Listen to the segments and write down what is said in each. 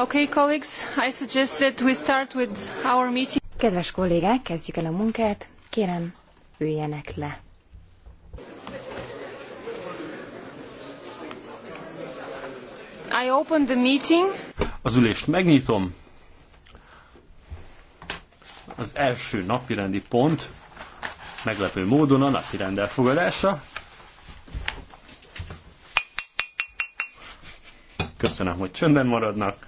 Okay, colleagues, I suggest that we start with our meeting. Kedves kollégák, kezdjük el a munkát. Kérem, üljenek le. I open the meeting. Az ülést megnyitom. Az első napirendi pont meglepő módon a napirend elfogadása. Köszönöm, hogy csöndben maradnak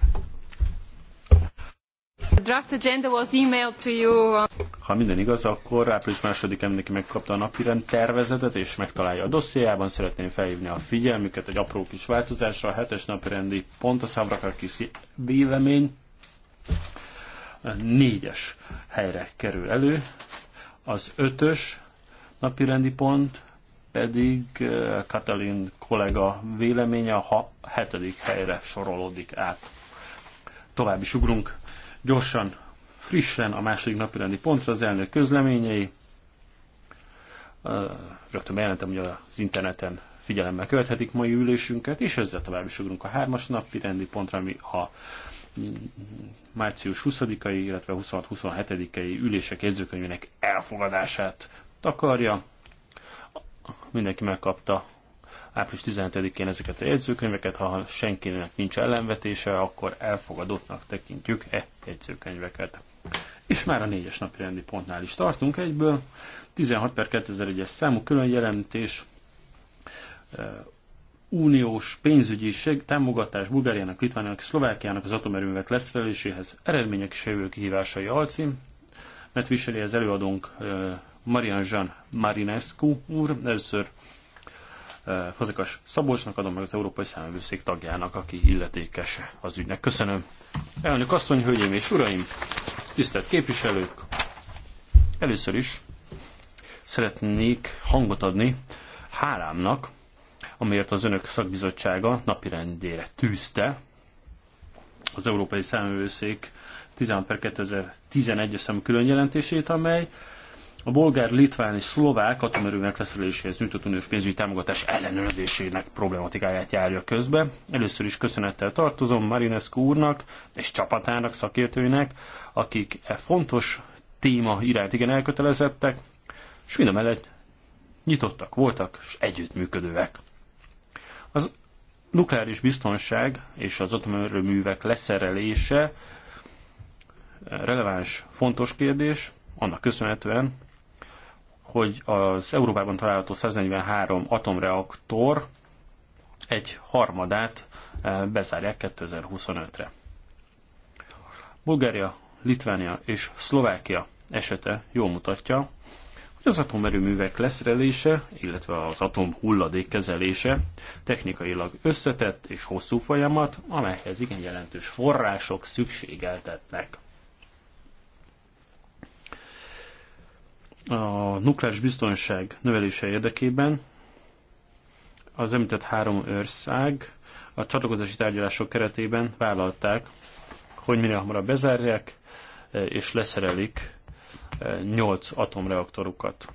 draft agenda was emailed to you. Ha minden igaz, akkor április másodikán mindenki megkapta a napirend tervezetet, és megtalálja a dossziában. Szeretném felhívni a figyelmüket egy apró kis változásra. A hetes napirendi pont a kis vélemény négyes helyre kerül elő. Az ötös napirendi pont pedig eh, Katalin kollega véleménye a hetedik helyre sorolódik át. Tovább is ugrunk Gyorsan, frissen a második napirendi pontra az elnök közleményei. Rögtön bejelentem, hogy az interneten figyelemmel követhetik mai ülésünket, és ezzel tovább is ugrunk a hármas napi rendi pontra, ami a március 20-ai, illetve 26-27-ei ülések jegyzőkönyvének elfogadását takarja. Mindenki megkapta április 15 én ezeket a jegyzőkönyveket, ha senkinek nincs ellenvetése, akkor elfogadottnak tekintjük e jegyzőkönyveket. És már a négyes napi rendi pontnál is tartunk egyből. 16 per 2001-es számú külön jelentés e, uniós pénzügyi seg, támogatás Bulgáriának, Litvániának és Szlovákiának az atomerőművek leszereléséhez eredmények és jövő kihívásai alcím, mert viseli az előadónk e, Marian Jean Marinescu úr. Először Fazekas eh, Szabolcsnak adom meg az Európai Számvőszék tagjának, aki illetékes az ügynek. Köszönöm. Elnök asszony, hölgyeim és uraim, tisztelt képviselők, először is szeretnék hangot adni hálámnak, amiért az önök szakbizottsága napirendjére tűzte az Európai Számvőszék 16 per 2011-es külön jelentését, amely a bolgár, litván és szlovák atomerőnek leszereléséhez nyújtott uniós pénzügyi támogatás ellenőrzésének problematikáját járja közbe. Először is köszönettel tartozom Marinescu úrnak és csapatának, szakértőinek, akik e fontos téma iránt igen elkötelezettek, és mind a mellett nyitottak voltak és együttműködőek. Az nukleáris biztonság és az atomerőművek leszerelése releváns, fontos kérdés, annak köszönhetően, hogy az Európában található 143 atomreaktor egy harmadát eh, bezárják 2025-re. Bulgária, Litvánia és Szlovákia esete jól mutatja, hogy az atomerőművek leszerelése, illetve az atom hulladék kezelése technikailag összetett és hosszú folyamat, amelyhez igen jelentős források szükségeltetnek. a nukleáris biztonság növelése érdekében az említett három ország a csatlakozási tárgyalások keretében vállalták, hogy minél hamarabb bezárják e, és leszerelik 8 e, atomreaktorukat.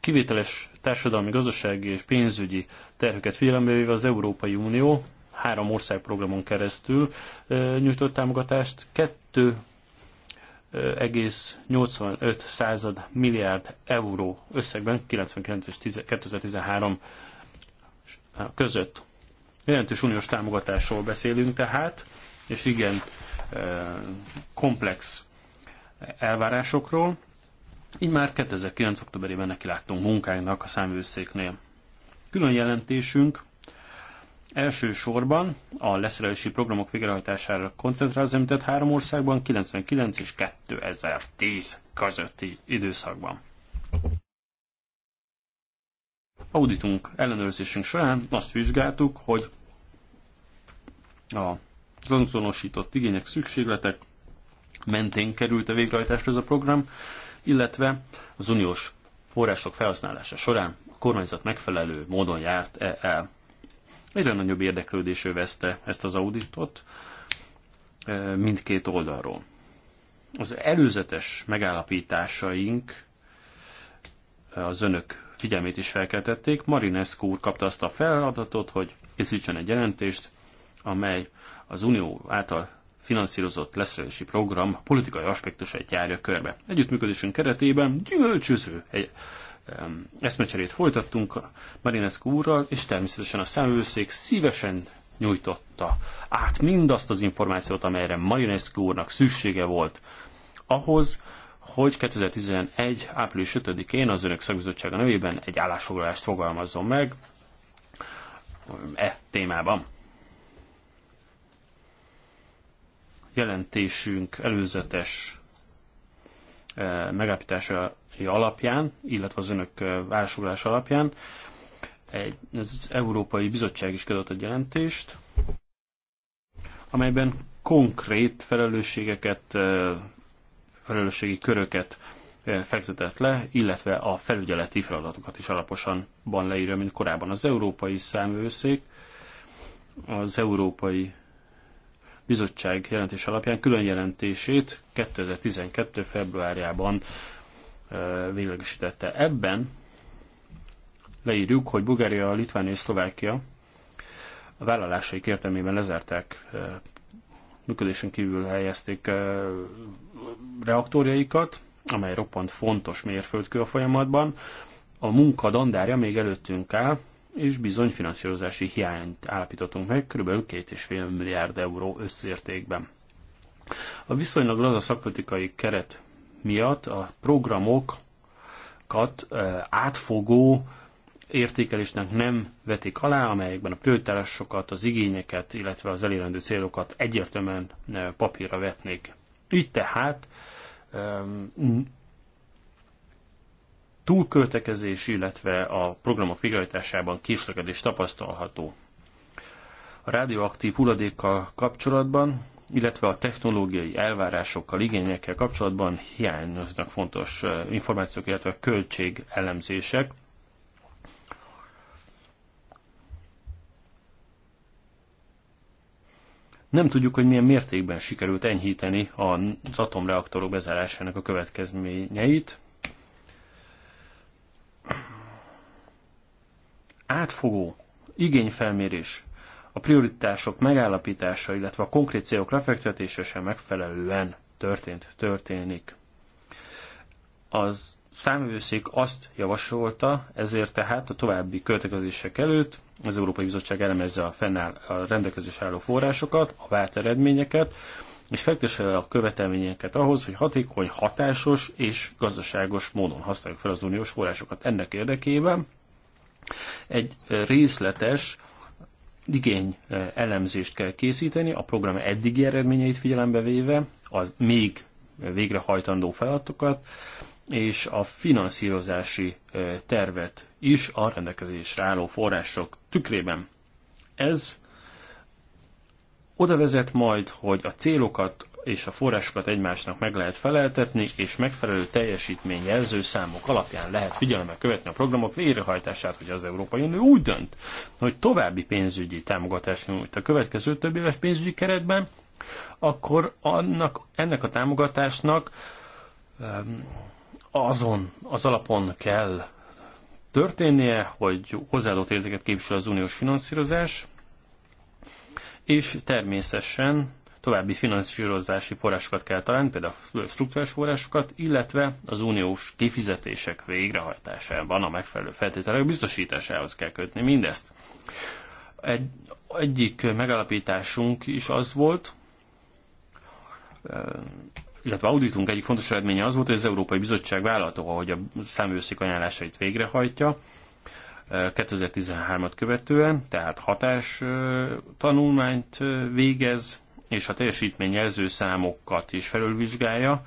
Kivételes társadalmi, gazdasági és pénzügyi terheket figyelembe véve az Európai Unió három országprogramon keresztül e, nyújtott támogatást, kettő 1,85 század milliárd euró összegben 99 és 2013 között. Jelentős uniós támogatásról beszélünk tehát, és igen eh, komplex elvárásokról. Így már 2009. októberében nekiláttunk munkánknak a száműszéknél. Külön jelentésünk Elsősorban a leszerelési programok végrehajtására koncentrál az említett három országban 99 és 2010 közötti időszakban. Auditunk ellenőrzésünk során azt vizsgáltuk, hogy a azonosított igények, szükségletek mentén került a végrehajtásra ez a program, illetve az uniós források felhasználása során a kormányzat megfelelő módon járt -e el. Egyre nagyobb érdeklődés övezte ezt az auditot e, mindkét oldalról. Az előzetes megállapításaink e, az önök figyelmét is felkeltették. Marinescu úr kapta azt a feladatot, hogy készítsen egy jelentést, amely az Unió által finanszírozott leszerelési program politikai aspektusait járja körbe. Együttműködésünk keretében gyümölcsöző egy eszmecserét folytattunk Marinescu úrral, és természetesen a szemőszék szívesen nyújtotta át mindazt az információt, amelyre Marinescu úrnak szüksége volt ahhoz, hogy 2011. április 5-én az Önök Szakbizottsága nevében egy állásfoglalást fogalmazzon meg e témában. Jelentésünk előzetes eh, megállapítása alapján, illetve az önök állásfoglalás alapján egy, az Európai Bizottság is kiadott egy jelentést, amelyben konkrét felelősségeket, felelősségi köröket fektetett le, illetve a felügyeleti feladatokat is alaposan ban leírja, mint korábban az Európai Számvőszék, az Európai Bizottság jelentés alapján külön jelentését 2012. februárjában véglegesítette. Ebben leírjuk, hogy Bulgária, Litvánia és Szlovákia a vállalásaik értelmében lezertek, működésen kívül helyezték reaktorjaikat, amely roppant fontos mérföldkő a folyamatban. A munka dandárja még előttünk áll, és bizony finanszírozási hiányt állapítottunk meg, kb. 2,5 milliárd euró összértékben. A viszonylag laza szakpolitikai keret miatt a programokat átfogó értékelésnek nem vetik alá, amelyekben a prioritásokat, az igényeket, illetve az elérendő célokat egyértelműen papírra vetnék. Így tehát túlköltekezés, illetve a programok végrehajtásában késlekedés tapasztalható. A rádióaktív hulladékkal kapcsolatban illetve a technológiai elvárásokkal, igényekkel kapcsolatban hiányoznak fontos információk, illetve költségelemzések. Nem tudjuk, hogy milyen mértékben sikerült enyhíteni az atomreaktorok bezárásának a következményeit. Átfogó igényfelmérés a prioritások megállapítása, illetve a konkrét célok lefektetése sem megfelelően történt, történik. Az számvőszék azt javasolta, ezért tehát a további költekezések előtt az Európai Bizottság elemezze a, fennáll, a rendelkezés álló forrásokat, a várt eredményeket, és fektesse le a követelményeket ahhoz, hogy hatékony, hatásos és gazdaságos módon használjuk fel az uniós forrásokat. Ennek érdekében egy részletes igény eh, elemzést kell készíteni, a program eddigi eredményeit figyelembe véve, az még végrehajtandó feladatokat, és a finanszírozási eh, tervet is a rendelkezésre álló források tükrében. Ez oda vezet majd, hogy a célokat és a forrásokat egymásnak meg lehet feleltetni, és megfelelő jelző számok alapján lehet figyelemmel követni a programok végrehajtását, hogy az Európai Unió úgy dönt, hogy további pénzügyi támogatást nyújt a következő több éves pénzügyi keretben, akkor annak, ennek a támogatásnak azon, az alapon kell történnie, hogy hozzáadott értéket képvisel az uniós finanszírozás, és természetesen további finanszírozási forrásokat kell találni, például a struktúrás forrásokat, illetve az uniós kifizetések végrehajtásában a megfelelő feltételek biztosításához kell kötni mindezt. Egy, egyik megalapításunk is az volt, illetve auditunk egyik fontos eredménye az volt, hogy az Európai Bizottság vállalta, ahogy a számőszék ajánlásait végrehajtja, 2013-at követően, tehát hatás tanulmányt végez, és a teljesítményjelző számokat is felülvizsgálja,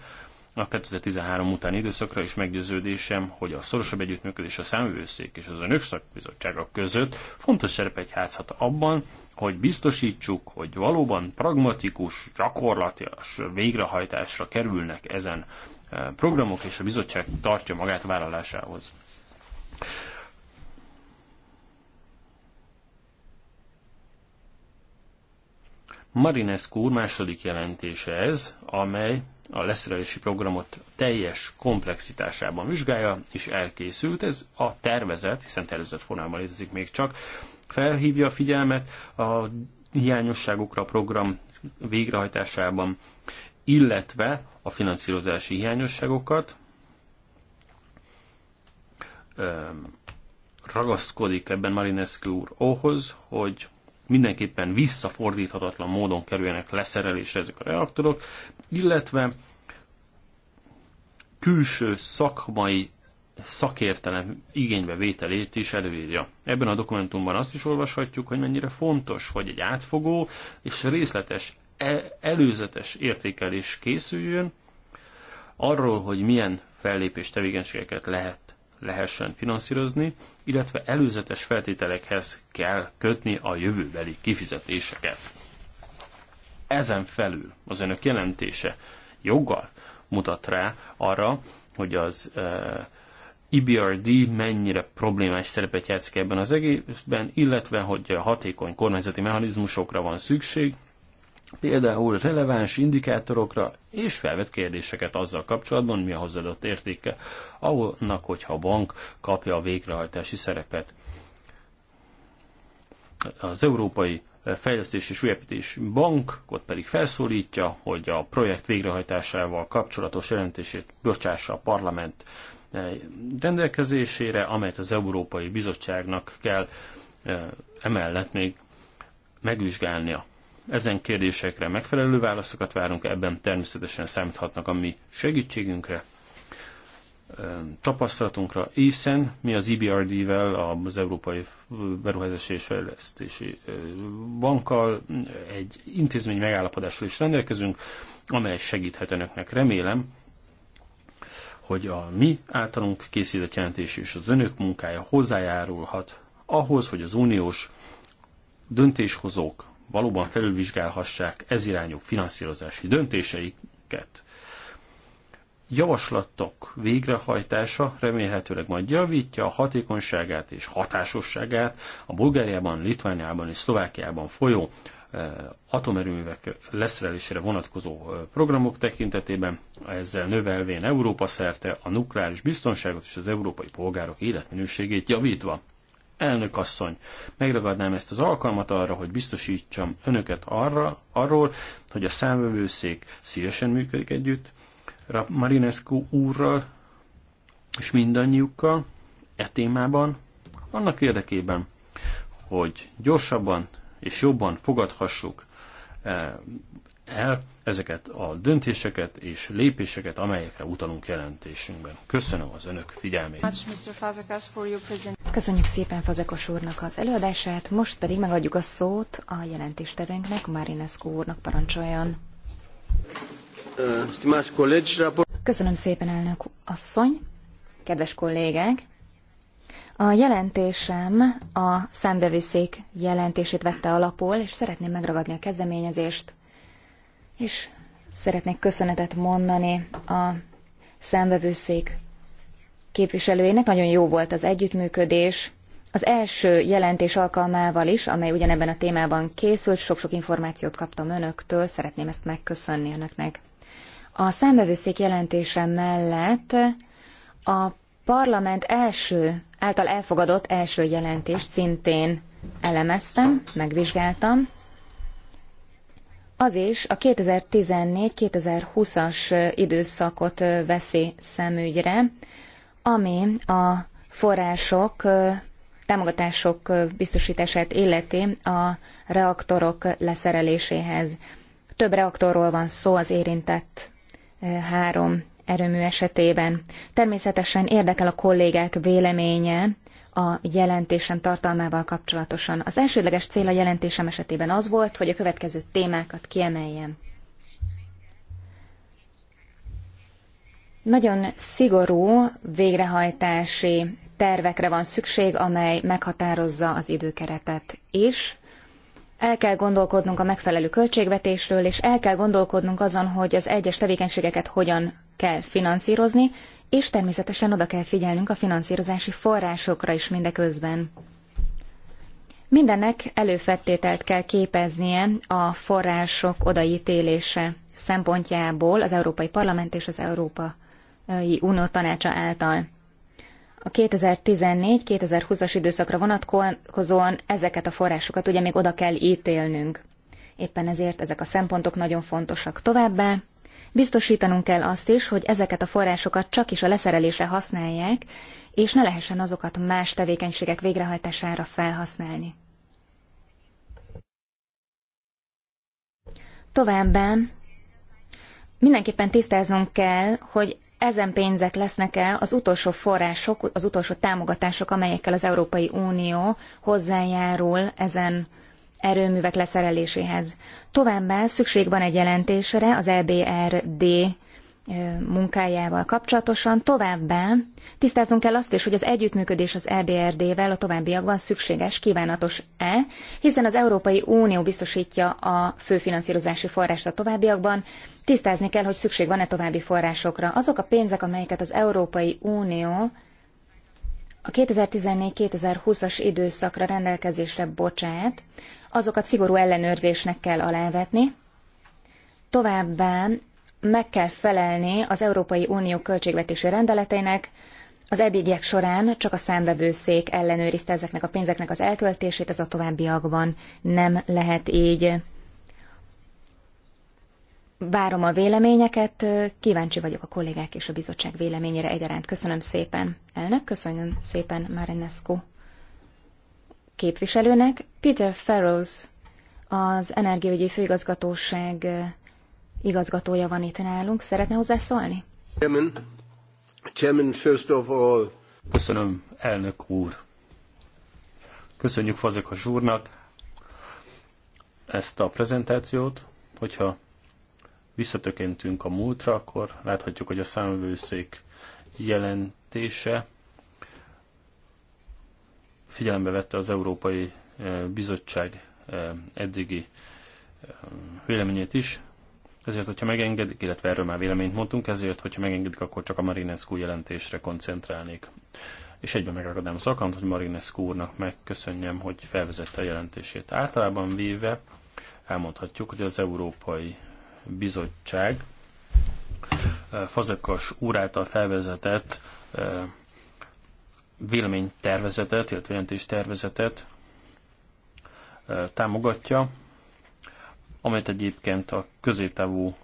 a 2013 utáni időszakra is meggyőződésem, hogy a szorosabb együttműködés a számvőszék és az önök szakbizottsága között fontos szerepet játszhat abban, hogy biztosítsuk, hogy valóban pragmatikus, gyakorlatilag végrehajtásra kerülnek ezen eh, programok, és a bizottság tartja magát vállalásához. Marinescu úr második jelentése ez, amely a leszerelési programot teljes komplexitásában vizsgálja, és elkészült. Ez a tervezet, hiszen tervezett formában létezik még csak, felhívja a figyelmet a hiányosságokra a program végrehajtásában, illetve a finanszírozási hiányosságokat, ragaszkodik ebben Marinescu úr ahhoz, hogy mindenképpen visszafordíthatatlan módon kerüljenek leszerelésre ezek a reaktorok, illetve külső szakmai szakértelem igénybe vételét is előírja. Ebben a dokumentumban azt is olvashatjuk, hogy mennyire fontos, hogy egy átfogó és részletes e, előzetes értékelés készüljön arról, hogy milyen fellépés tevékenységeket lehet lehessen finanszírozni, illetve előzetes feltételekhez kell kötni a jövőbeli kifizetéseket. Ezen felül az önök jelentése joggal mutat rá arra, hogy az EBRD mennyire problémás szerepet játszik ebben az egészben, illetve hogy hatékony kormányzati mechanizmusokra van szükség, például releváns indikátorokra, és felvet kérdéseket azzal kapcsolatban, mi a hozzáadott értéke, annak, hogyha a bank kapja a végrehajtási szerepet. Az Európai Fejlesztés és Újépítés ott pedig felszólítja, hogy a projekt végrehajtásával kapcsolatos jelentését bocsássa a parlament eh, rendelkezésére, amelyet az Európai Bizottságnak kell eh, emellett még megvizsgálnia. Ezen kérdésekre megfelelő válaszokat várunk, ebben természetesen számíthatnak a mi segítségünkre, tapasztalatunkra, hiszen mi az EBRD-vel, az Európai Beruházási és Fejlesztési Bankkal egy intézmény megállapodással is rendelkezünk, amely segíthet önöknek. Remélem, hogy a mi általunk készített jelentés és az önök munkája hozzájárulhat ahhoz, hogy az uniós döntéshozók valóban felülvizsgálhassák ez irányú finanszírozási döntéseiket. Javaslatok végrehajtása remélhetőleg majd javítja a hatékonyságát és hatásosságát a Bulgáriában, Litvániában és Szlovákiában folyó eh, atomerőművek leszerelésére vonatkozó eh, programok tekintetében, ezzel növelvén Európa szerte a nukleáris biztonságot és az európai polgárok életminőségét javítva. Elnök asszony, megragadnám ezt az alkalmat arra, hogy biztosítsam önöket arra, arról, hogy a számvevőszék szívesen működik együtt, Marinescu úrral és mindannyiukkal e témában, annak érdekében, hogy gyorsabban és jobban fogadhassuk e, el ezeket a döntéseket és lépéseket, amelyekre utalunk jelentésünkben. Köszönöm az önök figyelmét. Köszönjük szépen Fazekos úrnak az előadását, most pedig megadjuk a szót a jelentéstevőnknek, Marinescu úrnak parancsoljon. Köszönöm szépen, elnök asszony, kedves kollégák! A jelentésem a számbevőszék jelentését vette alapul, és szeretném megragadni a kezdeményezést, és szeretnék köszönetet mondani a számbevőszék képviselőjének nagyon jó volt az együttműködés. Az első jelentés alkalmával is, amely ugyanebben a témában készült, sok-sok információt kaptam önöktől, szeretném ezt megköszönni önöknek. A számbevőszék jelentése mellett a parlament első, által elfogadott első jelentést szintén elemeztem, megvizsgáltam. Az is a 2014-2020-as időszakot veszi szemügyre, ami a források, támogatások biztosítását illeti a reaktorok leszereléséhez. Több reaktorról van szó az érintett három erőmű esetében. Természetesen érdekel a kollégák véleménye a jelentésem tartalmával kapcsolatosan. Az elsődleges cél a jelentésem esetében az volt, hogy a következő témákat kiemeljem. Nagyon szigorú végrehajtási tervekre van szükség, amely meghatározza az időkeretet is. El kell gondolkodnunk a megfelelő költségvetésről, és el kell gondolkodnunk azon, hogy az egyes tevékenységeket hogyan kell finanszírozni, és természetesen oda kell figyelnünk a finanszírozási forrásokra is mindeközben. Mindennek előfettételt kell képeznie a források odaítélése szempontjából az Európai Parlament és az Európa Unió tanácsa által. A 2014-2020-as időszakra vonatkozóan ezeket a forrásokat ugye még oda kell ítélnünk. Éppen ezért ezek a szempontok nagyon fontosak továbbá. Biztosítanunk kell azt is, hogy ezeket a forrásokat csak is a leszerelésre használják, és ne lehessen azokat más tevékenységek végrehajtására felhasználni. Továbbá mindenképpen tisztáznunk kell, hogy ezen pénzek lesznek-e az utolsó források, az utolsó támogatások, amelyekkel az Európai Unió hozzájárul ezen erőművek leszereléséhez. Továbbá szükség van egy jelentésre az EBRD munkájával kapcsolatosan. Továbbá tisztázunk kell azt is, hogy az együttműködés az EBRD-vel a továbbiakban szükséges, kívánatos-e, hiszen az Európai Unió biztosítja a főfinanszírozási forrást a továbbiakban, tisztázni kell, hogy szükség van-e további forrásokra. Azok a pénzek, amelyeket az Európai Unió a 2014-2020-as időszakra rendelkezésre bocsát, azokat szigorú ellenőrzésnek kell alávetni, Továbbá meg kell felelni az Európai Unió költségvetési rendeleteinek, az eddigiek során csak a számbevőszék ellenőrizte ezeknek a pénzeknek az elköltését, ez a továbbiakban nem lehet így. Várom a véleményeket, kíváncsi vagyok a kollégák és a bizottság véleményére egyaránt. Köszönöm szépen, elnök, köszönöm szépen Marinescu képviselőnek. Peter Farrows, az Energiaügyi Főigazgatóság igazgatója van itt nálunk. Szeretne hozzászólni? Chairman, Chairman, first of all. Köszönöm, elnök úr. Köszönjük a zsúrnak ezt a prezentációt. Hogyha visszatökéntünk a múltra, akkor láthatjuk, hogy a számvőszék jelentése figyelembe vette az Európai eh, Bizottság eh, eddigi eh, véleményét is, ezért, hogyha megengedik, illetve erről már véleményt mondtunk, ezért, hogyha megengedik, akkor csak a Marinescu jelentésre koncentrálnék. És egyben megragadnám az alkalmat, hogy Marinescu úrnak megköszönjem, hogy felvezette a jelentését. Általában véve elmondhatjuk, hogy az Európai Bizottság eh, Fazekas úr által felvezetett eh, véleménytervezetet, illetve jelentéstervezetet eh, támogatja, amelyet egyébként a középtávú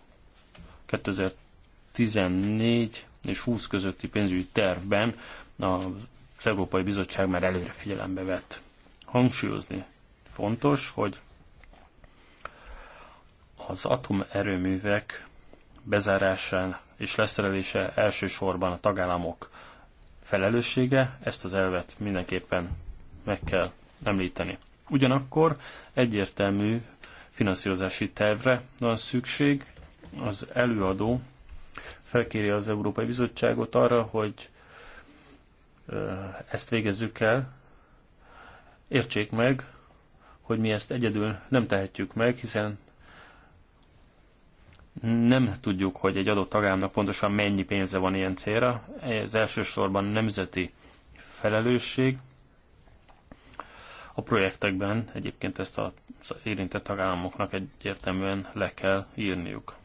2014 és 20 közötti pénzügyi tervben az Európai Bizottság már előre figyelembe vett. Hangsúlyozni fontos, hogy az atomerőművek bezárásán és leszerelése elsősorban a tagállamok felelőssége, ezt az elvet mindenképpen meg kell említeni. Ugyanakkor egyértelmű finanszírozási tervre van szükség. Az előadó felkéri az Európai Bizottságot arra, hogy ezt végezzük el. Értsék meg, hogy mi ezt egyedül nem tehetjük meg, hiszen nem tudjuk, hogy egy adott tagállamnak pontosan mennyi pénze van ilyen célra. Ez elsősorban nemzeti felelősség, a projektekben egyébként ezt az érintett tagállamoknak egyértelműen le kell írniuk.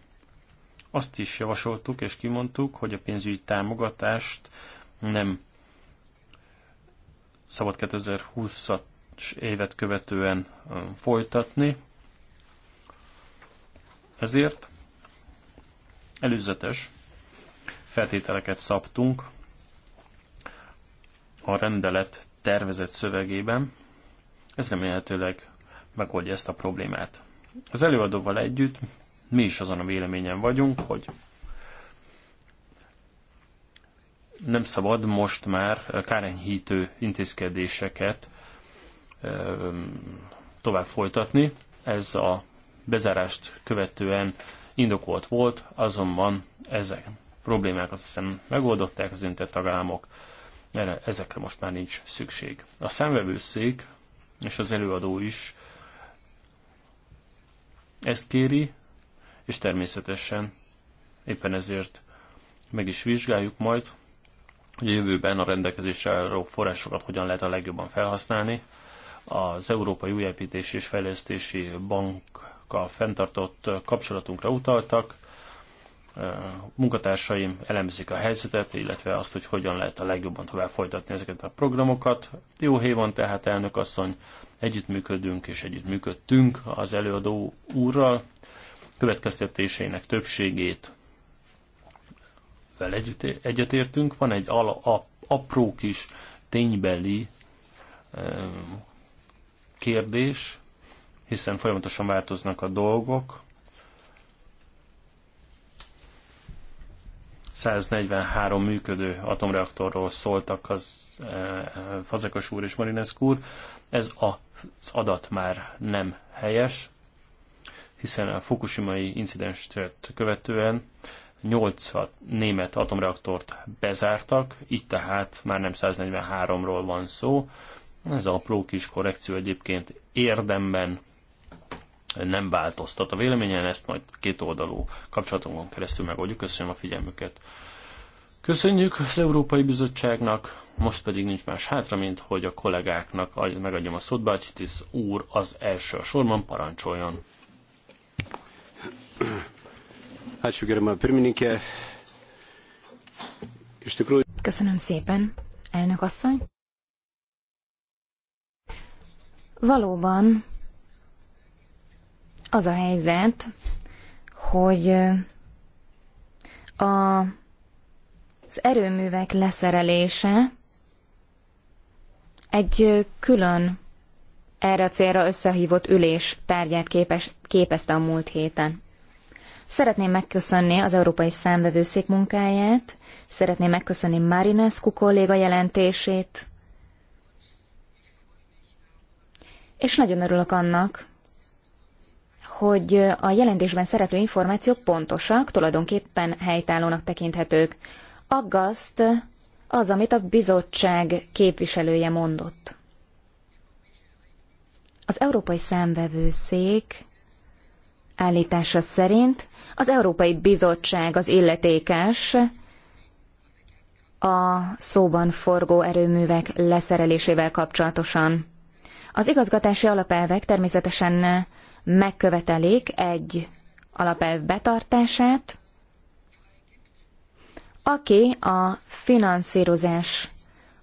Azt is javasoltuk és kimondtuk, hogy a pénzügyi támogatást nem szabad 2020-as évet követően folytatni, ezért előzetes feltételeket szabtunk a rendelet tervezett szövegében, ez remélhetőleg megoldja ezt a problémát. Az előadóval együtt mi is azon a véleményen vagyunk, hogy nem szabad most már kárenyhítő intézkedéseket tovább folytatni. Ez a bezárást követően indokolt volt, azonban ezek problémákat hiszem megoldották az intett tagállamok, erre, ezekre most már nincs szükség. A számvevőszék és az előadó is ezt kéri, és természetesen éppen ezért meg is vizsgáljuk majd, hogy a jövőben a rendelkezésre álló forrásokat hogyan lehet a legjobban felhasználni. Az Európai Újépítési és Fejlesztési Bankkal fenntartott kapcsolatunkra utaltak, munkatársaim elemzik a helyzetet, illetve azt, hogy hogyan lehet a legjobban tovább folytatni ezeket a programokat. Jó hely van tehát, elnök asszony, együttműködünk és együttműködtünk az előadó úrral, következtetéseinek többségét vele együtt, egyetértünk. Van egy ala, a, apró kis ténybeli e, kérdés, hiszen folyamatosan változnak a dolgok, 143 működő atomreaktorról szóltak az eh, eh, Fazekas úr és Marineszk úr. Ez az adat már nem helyes, hiszen a fukushimai incidenset követően 8 német atomreaktort bezártak, így tehát már nem 143-ról van szó. Ez apró kis korrekció egyébként érdemben nem változtat a véleményen, ezt majd két oldalú kapcsolatunkon keresztül megoldjuk. Köszönöm a figyelmüket. Köszönjük az Európai Bizottságnak, most pedig nincs más hátra, mint hogy a kollégáknak megadjam a szót. Bácsitis úr az első a sorban, parancsoljon. Hát, Köszönöm szépen, elnök asszony. Valóban az a helyzet, hogy a, az erőművek leszerelése egy külön erre a célra összehívott ülés tárgyát képes, képezte a múlt héten. Szeretném megköszönni az Európai Számvevőszék munkáját, szeretném megköszönni Marinescu kolléga jelentését, és nagyon örülök annak, hogy a jelentésben szereplő információk pontosak, tulajdonképpen helytállónak tekinthetők. Aggaszt az, amit a bizottság képviselője mondott. Az Európai Számvevőszék állítása szerint az Európai Bizottság az illetékes a szóban forgó erőművek leszerelésével kapcsolatosan. Az igazgatási alapelvek természetesen megkövetelik egy alapelv betartását, aki a finanszírozás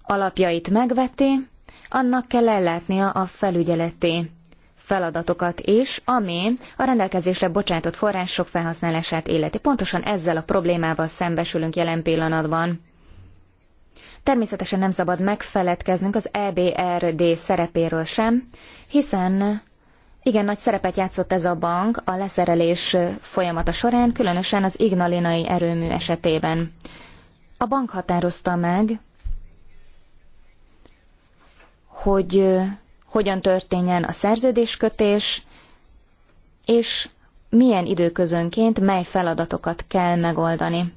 alapjait megveti, annak kell ellátnia a felügyeleti feladatokat is, ami a rendelkezésre bocsátott források felhasználását életi. Pontosan ezzel a problémával szembesülünk jelen pillanatban. Természetesen nem szabad megfeledkeznünk az EBRD szerepéről sem, hiszen igen, nagy szerepet játszott ez a bank a leszerelés folyamata során, különösen az ignalinai erőmű esetében. A bank határozta meg, hogy hogyan történjen a szerződéskötés, és milyen időközönként mely feladatokat kell megoldani.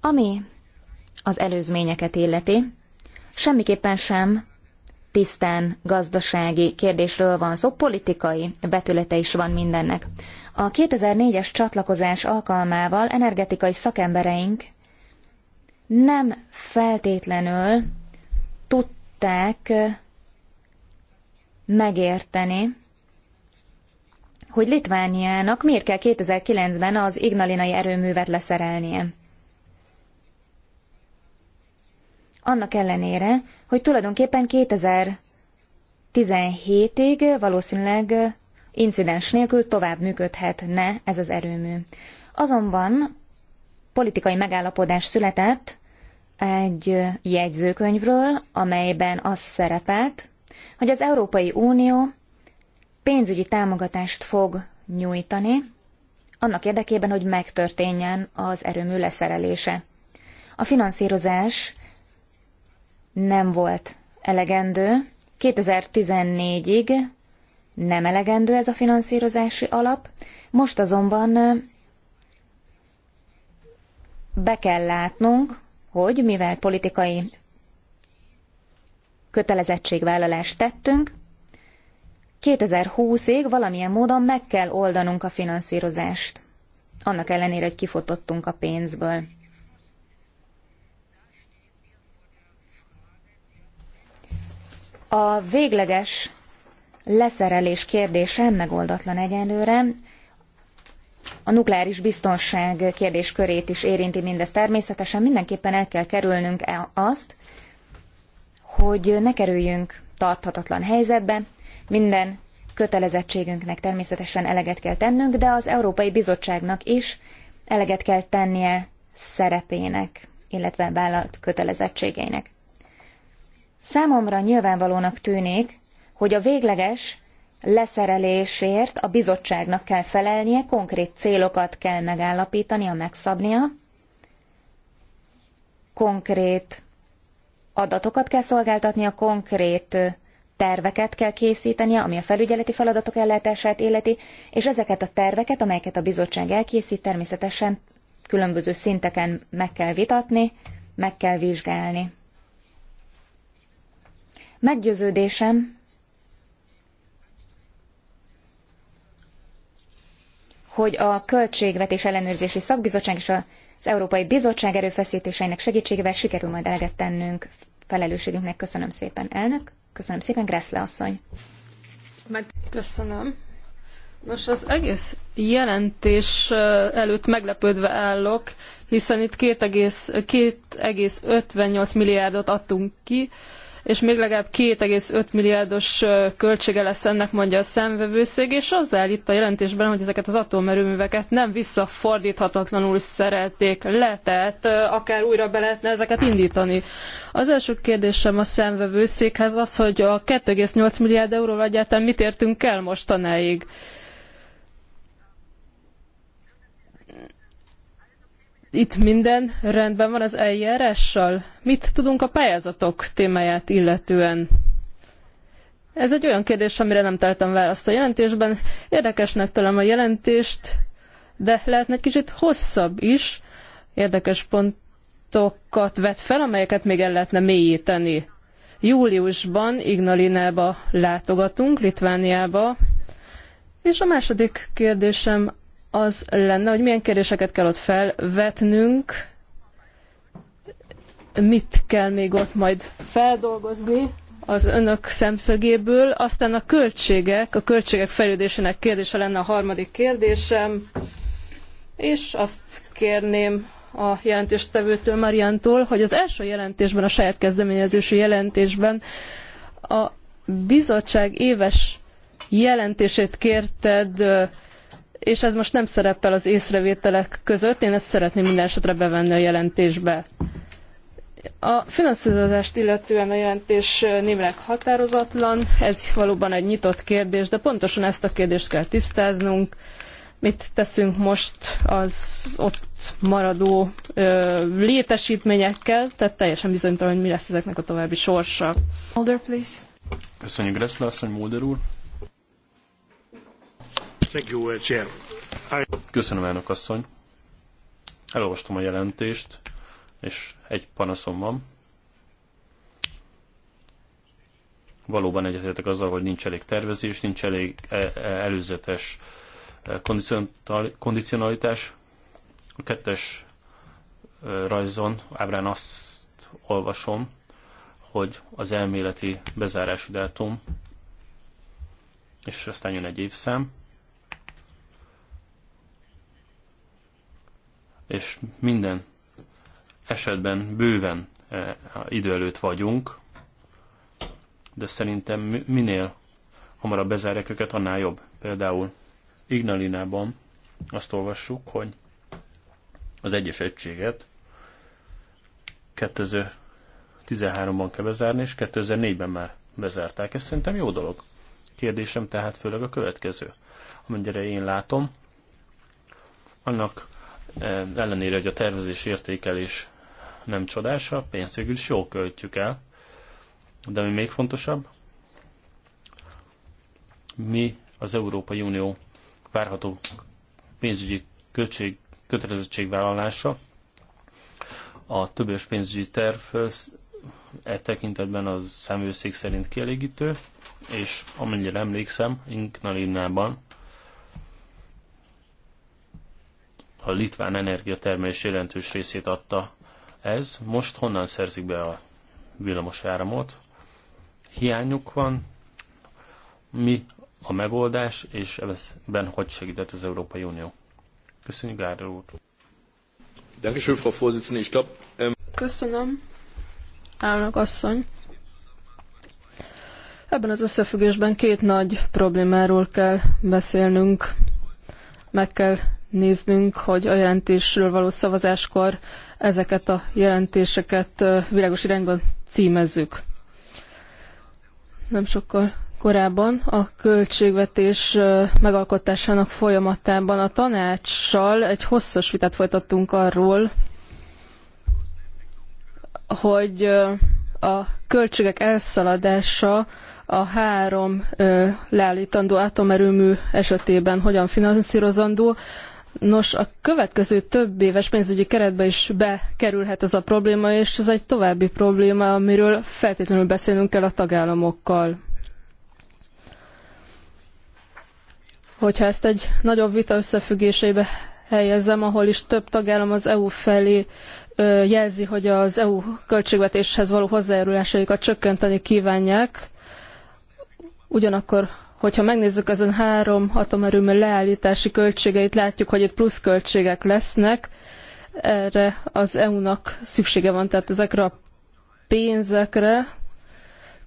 Ami az előzményeket illeti, semmiképpen sem tisztán gazdasági kérdésről van szó, politikai betülete is van mindennek. A 2004-es csatlakozás alkalmával energetikai szakembereink nem feltétlenül tudták megérteni, hogy Litvániának miért kell 2009-ben az ignalinai erőművet leszerelnie. Annak ellenére, hogy tulajdonképpen 2017-ig valószínűleg incidens nélkül tovább működhetne ez az erőmű. Azonban politikai megállapodás született egy jegyzőkönyvről, amelyben az szerepelt, hogy az Európai Unió pénzügyi támogatást fog nyújtani, annak érdekében, hogy megtörténjen az erőmű leszerelése. A finanszírozás nem volt elegendő. 2014-ig nem elegendő ez a finanszírozási alap, most azonban be kell látnunk, hogy mivel politikai kötelezettségvállalást tettünk, 2020-ig valamilyen módon meg kell oldanunk a finanszírozást. Annak ellenére, hogy kifotottunk a pénzből. A végleges leszerelés kérdése megoldatlan egyenlőre. A nukleáris biztonság kérdéskörét is érinti mindez természetesen. Mindenképpen el kell kerülnünk e azt, hogy ne kerüljünk tarthatatlan helyzetbe. Minden kötelezettségünknek természetesen eleget kell tennünk, de az Európai Bizottságnak is eleget kell tennie szerepének, illetve vállalt kötelezettségeinek. Számomra nyilvánvalónak tűnik, hogy a végleges leszerelésért a bizottságnak kell felelnie, konkrét célokat kell megállapítania, megszabnia, konkrét adatokat kell szolgáltatnia, konkrét terveket kell készítenie, ami a felügyeleti feladatok ellátását illeti, és ezeket a terveket, amelyeket a bizottság elkészít, természetesen különböző szinteken meg kell vitatni, meg kell vizsgálni. Meggyőződésem, hogy a Költségvetés Ellenőrzési Szakbizottság és az Európai Bizottság erőfeszítéseinek segítségével sikerül majd eleget tennünk felelősségünknek. Köszönöm szépen, elnök. Köszönöm szépen, Gressle asszony. Köszönöm. Nos, az egész jelentés előtt meglepődve állok, hiszen itt 2,58 milliárdot adtunk ki, és még legalább 2,5 milliárdos költsége lesz ennek, mondja a szemvevőszég, és az áll itt a jelentésben, hogy ezeket az atomerőműveket nem visszafordíthatatlanul szerelték le, tehát akár újra be lehetne ezeket indítani. Az első kérdésem a szemvevőszékhez az, hogy a 2,8 milliárd euróval egyáltalán mit értünk el mostanáig. itt minden rendben van az eljárással? Mit tudunk a pályázatok témáját illetően? Ez egy olyan kérdés, amire nem találtam választ a jelentésben. Érdekesnek találom a jelentést, de lehetne egy kicsit hosszabb is. Érdekes pontokat vet fel, amelyeket még el lehetne mélyíteni. Júliusban Ignalinába látogatunk, Litvániába, és a második kérdésem az lenne, hogy milyen kérdéseket kell ott felvetnünk, mit kell még ott majd feldolgozni az önök szemszögéből. Aztán a költségek, a költségek fejlődésének kérdése lenne a harmadik kérdésem, és azt kérném a jelentéstevőtől, Mariantól, hogy az első jelentésben, a saját kezdeményezésű jelentésben a bizottság éves jelentését kérted és ez most nem szerepel az észrevételek között, én ezt szeretném minden esetre bevenni a jelentésbe. A finanszírozást illetően a jelentés némileg határozatlan, ez valóban egy nyitott kérdés, de pontosan ezt a kérdést kell tisztáznunk. Mit teszünk most az ott maradó ö, létesítményekkel, tehát teljesen bizonytalan, hogy mi lesz ezeknek a további sorsa. Mulder, please. Köszönjük, Gressler, asszony, Mulder úr. Uh, Köszönöm, elnök asszony. Elolvastam a jelentést, és egy panaszom van. Valóban egyetértek azzal, hogy nincs elég tervezés, nincs elég e, e, előzetes e, kondicionalitás. A kettes rajzon ábrán azt olvasom, hogy az elméleti bezárási dátum, és aztán jön egy évszám, és minden esetben bőven e, idő előtt vagyunk, de szerintem minél hamarabb bezárják őket, annál jobb. Például Ignalinában azt olvassuk, hogy az egyes egységet 2013-ban kell bezárni, és 2004-ben már bezárták. Ez szerintem jó dolog. Kérdésem tehát főleg a következő. Amennyire én látom, annak ellenére, hogy a tervezés értékelés nem csodás, a pénzt végül is jól költjük el. De ami még fontosabb, mi az Európai Unió várható pénzügyi költség, kötelezettségvállalása, a többös pénzügyi terv e tekintetben az szemőszék szerint kielégítő, és amennyire emlékszem, Ignalinában a litván energiatermelés jelentős részét adta ez. Most honnan szerzik be a villamos áramot? Hiányuk van. Mi a megoldás, és ebben hogy segített az Európai Unió? Köszönjük, Gárder úr! Ähm, Köszönöm, Állnak asszony. Ebben az összefüggésben két nagy problémáról kell beszélnünk. Meg kell néznünk, hogy a jelentésről való szavazáskor ezeket a jelentéseket világos irányban címezzük. Nem sokkal korábban a költségvetés megalkotásának folyamatában a tanácssal egy hosszas vitát folytattunk arról, hogy a költségek elszaladása a három leállítandó atomerőmű esetében hogyan finanszírozandó, Nos, a következő több éves pénzügyi keretbe is bekerülhet ez a probléma, és ez egy további probléma, amiről feltétlenül beszélnünk kell a tagállamokkal. Hogyha ezt egy nagyobb vita összefüggésébe helyezzem, ahol is több tagállam az EU felé jelzi, hogy az EU költségvetéshez való hozzájárulásaikat csökkenteni kívánják, ugyanakkor Hogyha megnézzük ezen három atomerőmű leállítási költségeit, látjuk, hogy itt pluszköltségek lesznek. Erre az EU-nak szüksége van, tehát ezekre a pénzekre,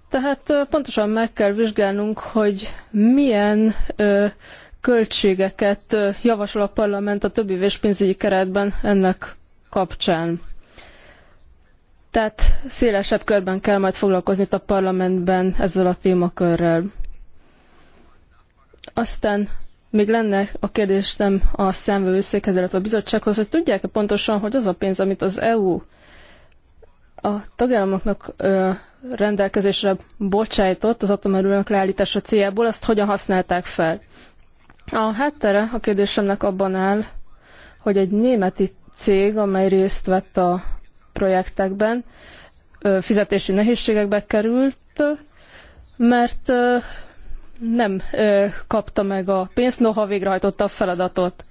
tehát pontosan meg kell vizsgálnunk, hogy milyen ö, költségeket javasol a parlament a többi éves pénzügyi keretben ennek kapcsán. Tehát szélesebb körben kell majd foglalkozni itt a parlamentben ezzel a témakörrel. Aztán még lenne a kérdésem a számvevőszékhez, illetve a bizottsághoz, hogy tudják-e pontosan, hogy az a pénz, amit az EU a tagállamoknak ö, rendelkezésre bocsájtott az atomerőnök leállítása céljából, azt hogyan használták fel? A háttere a kérdésemnek abban áll, hogy egy németi cég, amely részt vett a projektekben, fizetési nehézségekbe került, mert nem ö, kapta meg a pénzt, noha végrehajtotta a feladatot.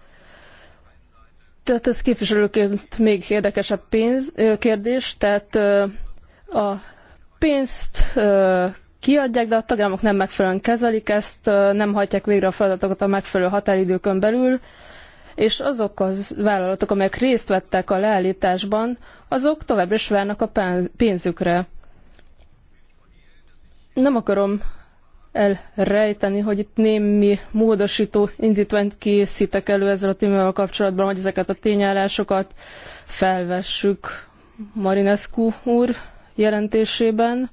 Tehát ez képviselőként még érdekesebb pénz, ö, kérdés, tehát ö, a pénzt ö, kiadják, de a tagállamok nem megfelelően kezelik ezt, ö, nem hajtják végre a feladatokat a megfelelő határidőkön belül, és azok az vállalatok, amelyek részt vettek a leállításban, azok továbbra is várnak a pénzükre. Nem akarom elrejteni, hogy itt némi módosító indítványt készítek elő ezzel a témával kapcsolatban, hogy ezeket a tényállásokat felvessük Marinescu úr jelentésében.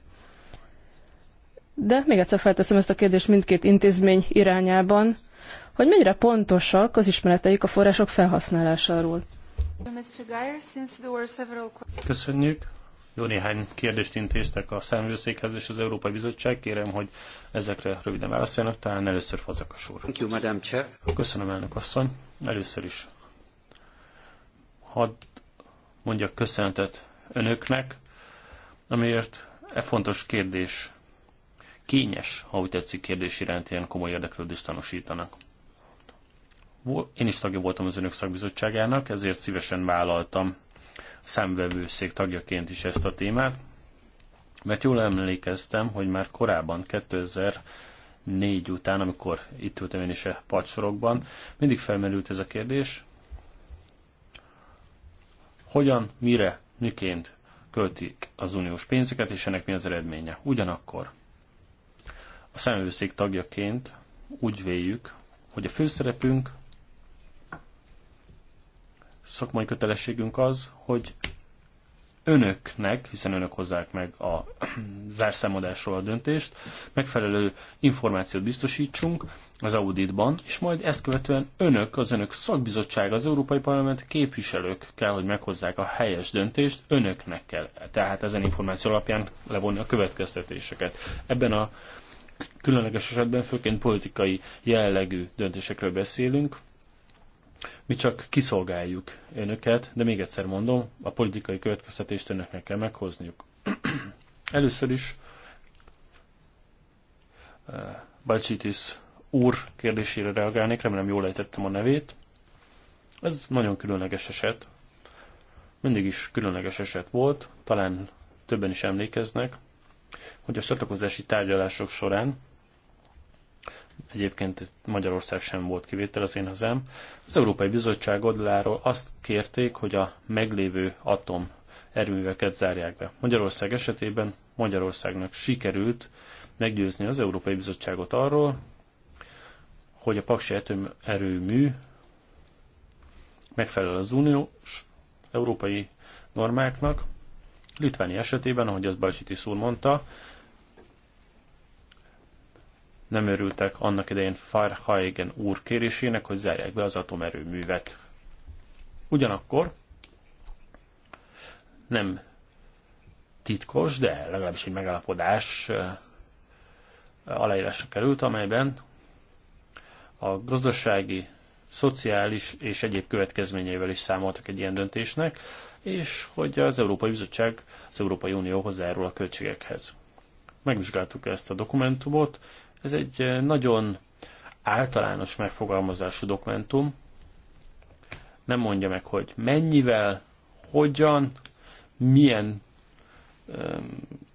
De még egyszer felteszem ezt a kérdést mindkét intézmény irányában, hogy mennyire pontosak az ismereteik a források felhasználásáról. Köszönjük. Jó néhány kérdést intéztek a számvőszékhez és az Európai Bizottság. Kérem, hogy ezekre röviden válaszoljanak, talán először Fazakas úr. Thank you, Madam Chair. Köszönöm, elnök asszony. Először is hadd mondjak köszönetet önöknek, amiért e fontos kérdés kényes, ha úgy tetszik, kérdés iránt ilyen komoly érdeklődést tanúsítanak. Én is tagja voltam az önök szakbizottságának, ezért szívesen vállaltam számvevőszék tagjaként is ezt a témát, mert jól emlékeztem, hogy már korábban 2004 után, amikor itt ültem én is a pacsorokban, mindig felmerült ez a kérdés, hogyan, mire, miként költik az uniós pénzeket, és ennek mi az eredménye. Ugyanakkor a szemőszék tagjaként úgy véljük, hogy a főszerepünk szakmai kötelességünk az, hogy önöknek, hiszen önök hozzák meg a zárszámadásról a döntést, megfelelő információt biztosítsunk az auditban, és majd ezt követően önök, az önök szakbizottság, az Európai Parlament képviselők kell, hogy meghozzák a helyes döntést, önöknek kell tehát ezen információ alapján levonni a következtetéseket. Ebben a különleges esetben főként politikai jellegű döntésekről beszélünk, mi csak kiszolgáljuk önöket, de még egyszer mondom, a politikai következtetést önöknek kell meghozniuk. Először is eh, Balcsitis úr kérdésére reagálnék, remélem jól ejtettem a nevét. Ez nagyon különleges eset. Mindig is különleges eset volt, talán többen is emlékeznek, hogy a csatlakozási tárgyalások során egyébként Magyarország sem volt kivétel az én hazám, az Európai Bizottság oldaláról azt kérték, hogy a meglévő atom erőműveket zárják be. Magyarország esetében Magyarországnak sikerült meggyőzni az Európai Bizottságot arról, hogy a paksi erőmű megfelel az uniós európai normáknak. Litvánia esetében, ahogy az Balcsiti szúr mondta, nem örültek annak idején Farhaigen úr kérésének, hogy zárják be az atomerőművet. Ugyanakkor nem titkos, de legalábbis egy megállapodás eh, aláírásra került, amelyben a gazdasági, szociális és egyéb következményeivel is számoltak egy ilyen döntésnek, és hogy az Európai Bizottság, az Európai Unió hozzájárul a költségekhez. Megvizsgáltuk ezt a dokumentumot, ez egy nagyon általános megfogalmazású dokumentum. Nem mondja meg, hogy mennyivel, hogyan, milyen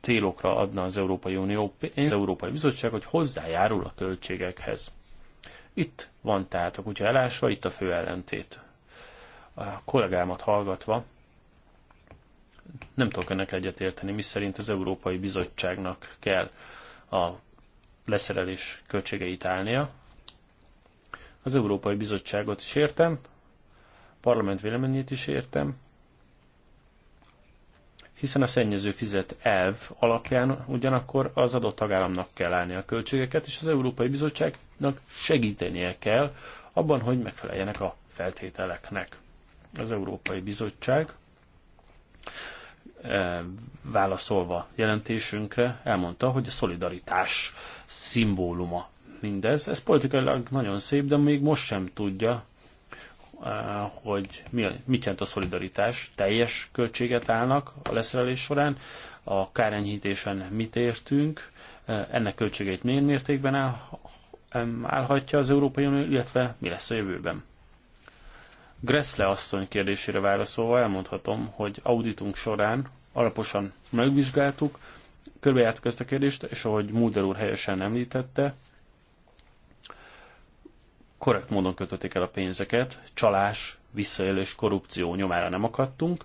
célokra adna az Európai Unió az Európai Bizottság, hogy hozzájárul a költségekhez. Itt van tehát a kutya elásva, itt a fő ellentét. A kollégámat hallgatva nem tudok ennek egyetérteni, mi szerint az Európai Bizottságnak kell a leszerelés költségeit állnia. Az Európai Bizottságot is értem, parlament véleményét is értem, hiszen a szennyező fizet elv alapján ugyanakkor az adott tagállamnak kell állni a költségeket, és az Európai Bizottságnak segítenie kell abban, hogy megfeleljenek a feltételeknek. Az Európai Bizottság Eh, válaszolva jelentésünkre elmondta, hogy a szolidaritás szimbóluma mindez. Ez politikailag nagyon szép, de még most sem tudja, eh, hogy mi, mit jelent a szolidaritás. Teljes költséget állnak a leszerelés során, a kárenyhítésen mit értünk, eh, ennek költségeit milyen mértékben áll, állhatja az Európai Unió, illetve mi lesz a jövőben. Gressle asszony kérdésére válaszolva elmondhatom, hogy auditunk során alaposan megvizsgáltuk, körbejártuk ezt a kérdést, és ahogy Mulder úr helyesen említette, korrekt módon kötötték el a pénzeket, csalás, visszaélés, korrupció nyomára nem akadtunk.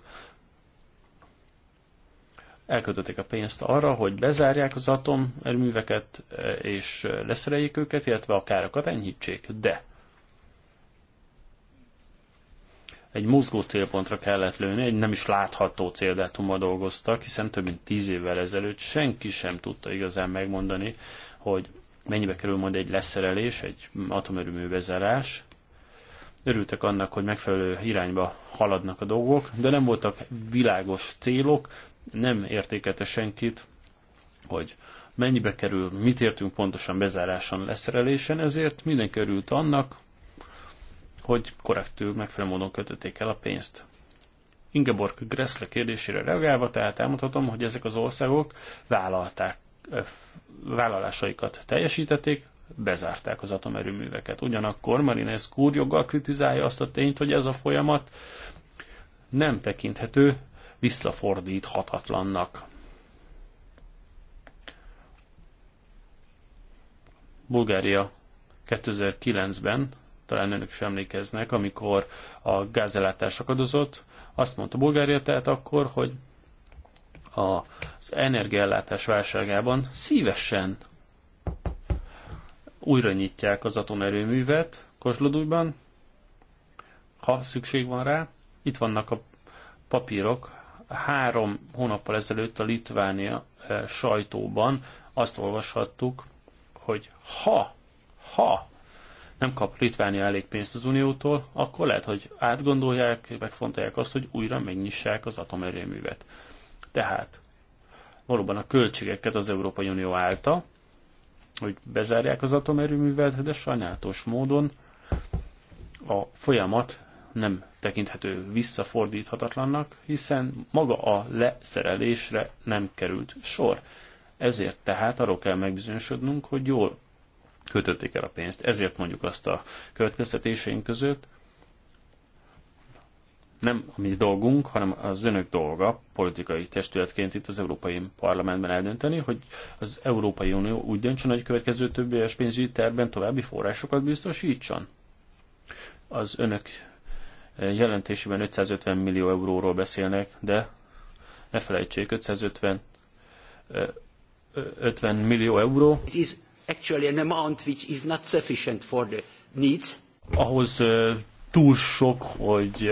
Elkötötték a pénzt arra, hogy bezárják az atomerőműveket és leszereljék őket, illetve a károkat enyhítsék. De egy mozgó célpontra kellett lőni, egy nem is látható céldátummal dolgoztak, hiszen több mint tíz évvel ezelőtt senki sem tudta igazán megmondani, hogy mennyibe kerül majd egy leszerelés, egy atomerőmű bezárás. Örültek annak, hogy megfelelő irányba haladnak a dolgok, de nem voltak világos célok, nem értékelte senkit, hogy mennyibe kerül, mit értünk pontosan bezáráson, leszerelésen, ezért minden került annak, hogy korrektül, megfelelő módon kötötték el a pénzt. Ingeborg Gressle kérdésére reagálva, tehát elmondhatom, hogy ezek az országok vállalták, vállalásaikat teljesítették, bezárták az atomerőműveket. Ugyanakkor Marinescu joggal kritizálja azt a tényt, hogy ez a folyamat nem tekinthető visszafordíthatatlannak. Bulgária 2009-ben talán önök is emlékeznek, amikor a gázellátás akadozott, azt mondta Bulgária tehát akkor, hogy az energiaellátás válságában szívesen újra nyitják az atomerőművet Kozlodújban, ha szükség van rá. Itt vannak a papírok. Három hónappal ezelőtt a Litvánia eh, sajtóban azt olvashattuk, hogy ha, ha nem kap Litvánia elég pénzt az Uniótól, akkor lehet, hogy átgondolják, megfontolják azt, hogy újra megnyissák az atomerőművet. Tehát valóban a költségeket az Európai Unió állta, hogy bezárják az atomerőművet, de sajnálatos módon a folyamat nem tekinthető visszafordíthatatlannak, hiszen maga a leszerelésre nem került sor. Ezért tehát arról kell megbizonyosodnunk, hogy jól kötötték el a pénzt. Ezért mondjuk azt a következtetéseink között, nem a mi dolgunk, hanem az önök dolga politikai testületként itt az Európai Parlamentben eldönteni, hogy az Európai Unió úgy döntsön, hogy következő több éves pénzügyi tervben további forrásokat biztosítson. Az önök jelentésében 550 millió euróról beszélnek, de ne felejtsék, 550 50 millió euró actually an amount which is not sufficient for the needs. Ahhoz túl sok, hogy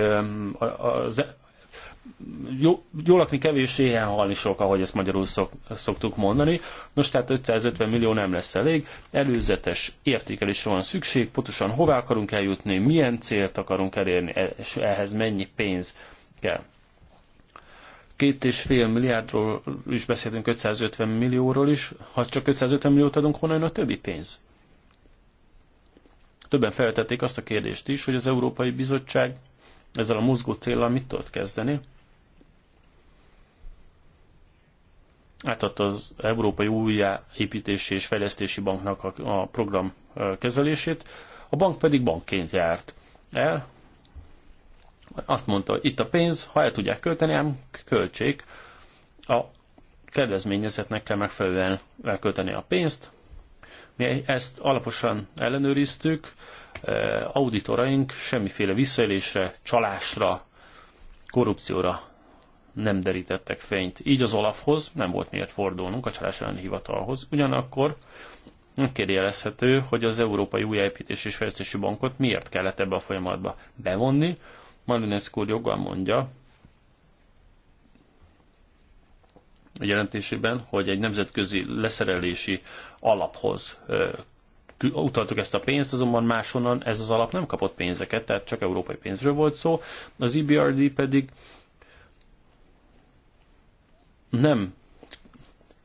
az e, jó, jól lakni kevés, éhen halni sok, ahogy ezt magyarul szok, szoktuk mondani. Nos, tehát 550 millió nem lesz elég. Előzetes értékelésre van szükség, pontosan hová akarunk eljutni, milyen célt akarunk elérni, e, és ehhez mennyi pénz kell. Két és fél milliárdról is beszélünk, 550 millióról is. Ha csak 550 milliót adunk, honnan a többi pénz? Többen feltették azt a kérdést is, hogy az Európai Bizottság ezzel a mozgó célral mit tudott kezdeni. átadta az Európai Újjáépítési és Fejlesztési Banknak a, program kezelését, a bank pedig bankként járt el, azt mondta, hogy itt a pénz, ha el tudják költeni, ám költsék. A kedvezményezetnek kell megfelelően elkölteni a pénzt. Mi ezt alaposan ellenőriztük, e, auditoraink semmiféle visszaélésre, csalásra, korrupcióra nem derítettek fényt. Így az Olafhoz nem volt miért fordulnunk, a csalás elleni hivatalhoz. Ugyanakkor megkérdőjelezhető, hogy az Európai Újjáépítés és Fejlesztési Bankot miért kellett ebbe a folyamatba bevonni, Malinescu joggal mondja, a jelentésében, hogy egy nemzetközi leszerelési alaphoz utaltuk ezt a pénzt, azonban máshonnan ez az alap nem kapott pénzeket, tehát csak európai pénzről volt szó. Az IBRD e pedig nem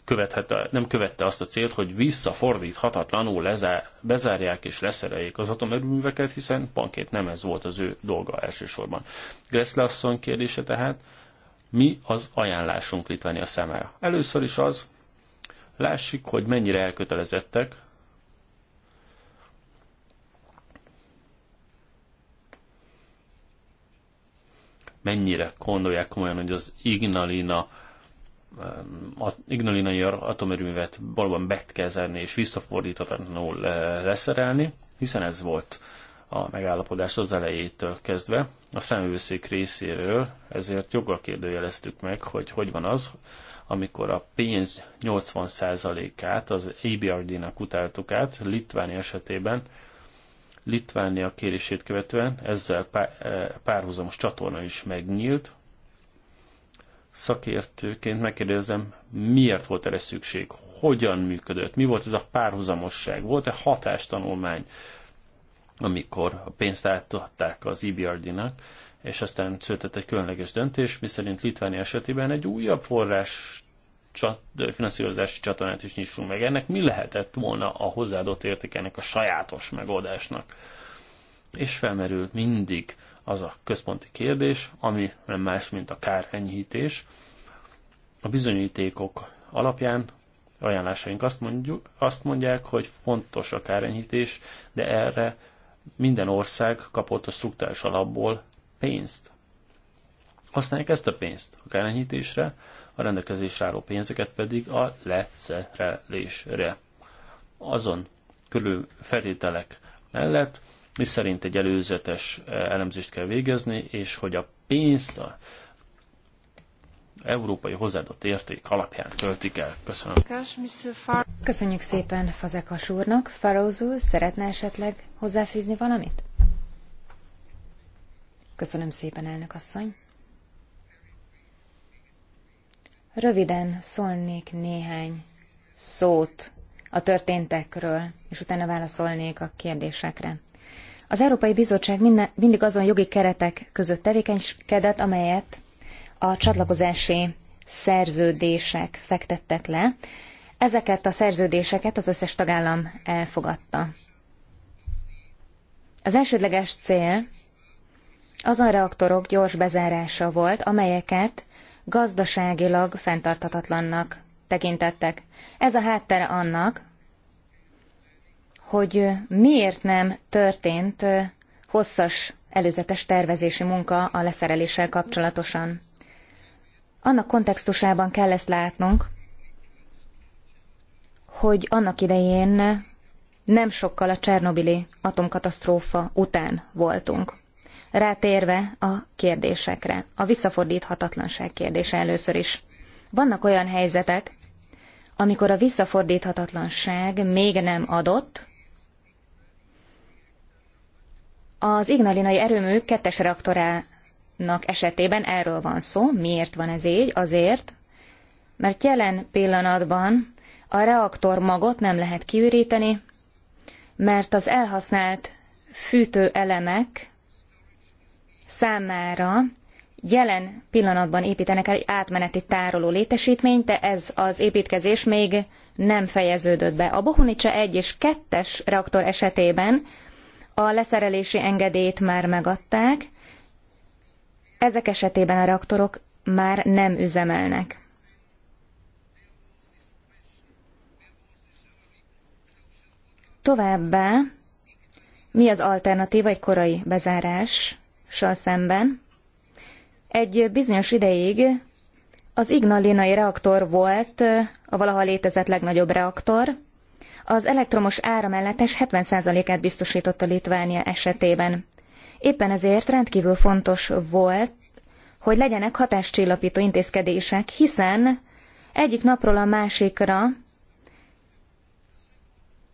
követhette, nem követte azt a célt, hogy visszafordíthatatlanul lezár, bezárják és leszereljék az atomerőműveket, hiszen pankét nem ez volt az ő dolga elsősorban. Gressle asszony kérdése tehát, mi az ajánlásunk Litvánia számára? Először is az, lássuk, hogy mennyire elkötelezettek mennyire gondolják komolyan, hogy az Ignalina a ignalinai atomerőművet valóban betkezelni és visszafordítatlanul eh, leszerelni, hiszen ez volt a megállapodás az elejétől kezdve. A szemőszék részéről ezért joggal kérdőjeleztük meg, hogy hogy van az, amikor a pénz 80%-át az ABRD-nak utáltuk át, Litvánia esetében, Litvánia kérését követően ezzel eh, párhuzamos csatorna is megnyílt, szakértőként megkérdezem, miért volt erre szükség, hogyan működött, mi volt ez a párhuzamosság, volt-e hatástanulmány, amikor a pénzt átadták az EBRD-nak, és aztán született egy különleges döntés, miszerint Litvánia esetében egy újabb forrás finanszírozási csatornát is nyissunk meg. Ennek mi lehetett volna a hozzáadott értékenek a sajátos megoldásnak? És felmerül mindig az a központi kérdés, ami nem más, mint a enyhítés. A bizonyítékok alapján ajánlásaink azt, mondjuk, azt mondják, hogy fontos a kárenyhítés, de erre minden ország kapott a struktúrás alapból pénzt. Használják ezt a pénzt a kárenyhítésre, a rendelkezésre álló pénzeket pedig a leszerelésre. Azon körül feltételek mellett, mi szerint egy előzetes eh, elemzést kell végezni, és hogy a pénzt a európai hozzáadott érték alapján költik el. Köszönöm. Köszönjük szépen Fazekas úrnak. Farózú, szeretne esetleg hozzáfűzni valamit? Köszönöm szépen, elnök asszony. Röviden szólnék néhány szót a történtekről, és utána válaszolnék a kérdésekre. Az Európai Bizottság minden, mindig azon jogi keretek között tevékenykedett, amelyet a csatlakozási szerződések fektettek le. Ezeket a szerződéseket az összes tagállam elfogadta. Az elsődleges cél azon reaktorok gyors bezárása volt, amelyeket gazdaságilag fenntarthatatlannak tekintettek. Ez a háttere annak, hogy miért nem történt hosszas előzetes tervezési munka a leszereléssel kapcsolatosan. Annak kontextusában kell ezt látnunk, hogy annak idején nem sokkal a Csernobili atomkatasztrófa után voltunk. Rátérve a kérdésekre, a visszafordíthatatlanság kérdése először is. Vannak olyan helyzetek, amikor a visszafordíthatatlanság még nem adott, Az ignalinai erőmű kettes reaktorának esetében erről van szó. Miért van ez így? Azért, mert jelen pillanatban a reaktor magot nem lehet kiüríteni, mert az elhasznált fűtőelemek számára jelen pillanatban építenek egy átmeneti tároló létesítményt, de ez az építkezés még nem fejeződött be. A Bohunice 1 és 2-es reaktor esetében a leszerelési engedélyt már megadták, ezek esetében a reaktorok már nem üzemelnek. Továbbá, mi az alternatíva egy korai bezárással szemben? Egy bizonyos ideig az ignalinai reaktor volt a valaha létezett legnagyobb reaktor, az elektromos áramellátás 70%-át biztosította Litvánia esetében. Éppen ezért rendkívül fontos volt, hogy legyenek hatáscsillapító intézkedések, hiszen egyik napról a másikra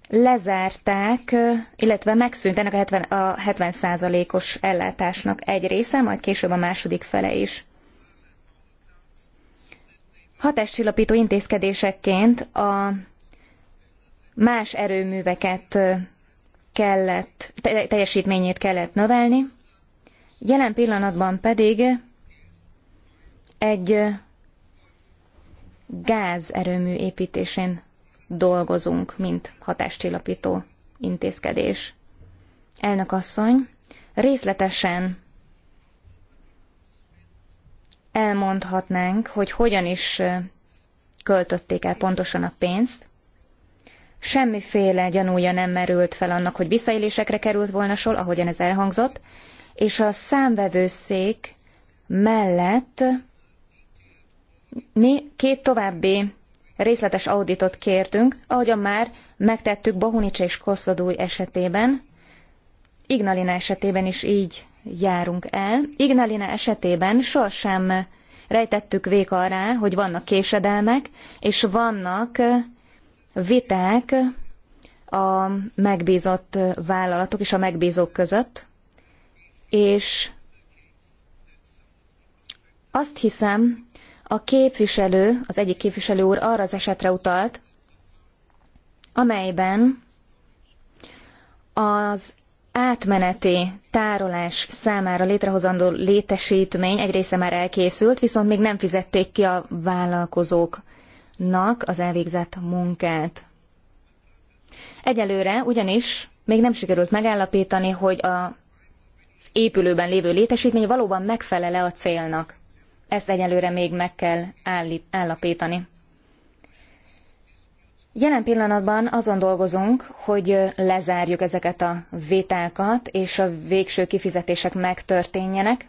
lezárták, illetve megszűnt ennek a 70, a 70 os ellátásnak egy része, majd később a második fele is. Hatáscsillapító intézkedésekként a más erőműveket kellett, teljesítményét kellett növelni, jelen pillanatban pedig egy gázerőmű építésén dolgozunk, mint hatáscsillapító intézkedés. Elnök asszony, részletesen elmondhatnánk, hogy hogyan is költötték el pontosan a pénzt, semmiféle gyanúja nem merült fel annak, hogy visszaélésekre került volna sor, ahogyan ez elhangzott, és a számvevőszék mellett két további részletes auditot kértünk, ahogyan már megtettük Bohunics és Koszlodúj esetében, Ignalina esetében is így járunk el. Ignalina esetében sohasem rejtettük vék alá, hogy vannak késedelmek, és vannak viták a megbízott vállalatok és a megbízók között, és azt hiszem, a képviselő, az egyik képviselő úr arra az esetre utalt, amelyben az átmeneti tárolás számára létrehozandó létesítmény egy része már elkészült, viszont még nem fizették ki a vállalkozók nak az elvégzett munkát. Egyelőre ugyanis még nem sikerült megállapítani, hogy a az épülőben lévő létesítmény valóban megfelele a célnak. Ezt egyelőre még meg kell állít, állapítani. Jelen pillanatban azon dolgozunk, hogy lezárjuk ezeket a vételkat és a végső kifizetések megtörténjenek,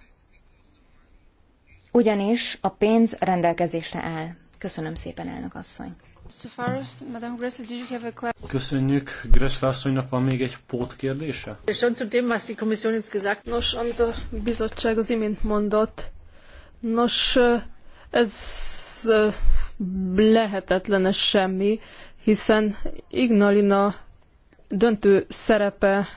ugyanis a pénz rendelkezésre áll. Köszönöm szépen, elnök asszony. Köszönjük. Gressle asszonynak van még egy pótkérdése? Nos, amit a bizottság az imént mondott, nos, ez lehetetlenes semmi, hiszen Ignalina döntő szerepe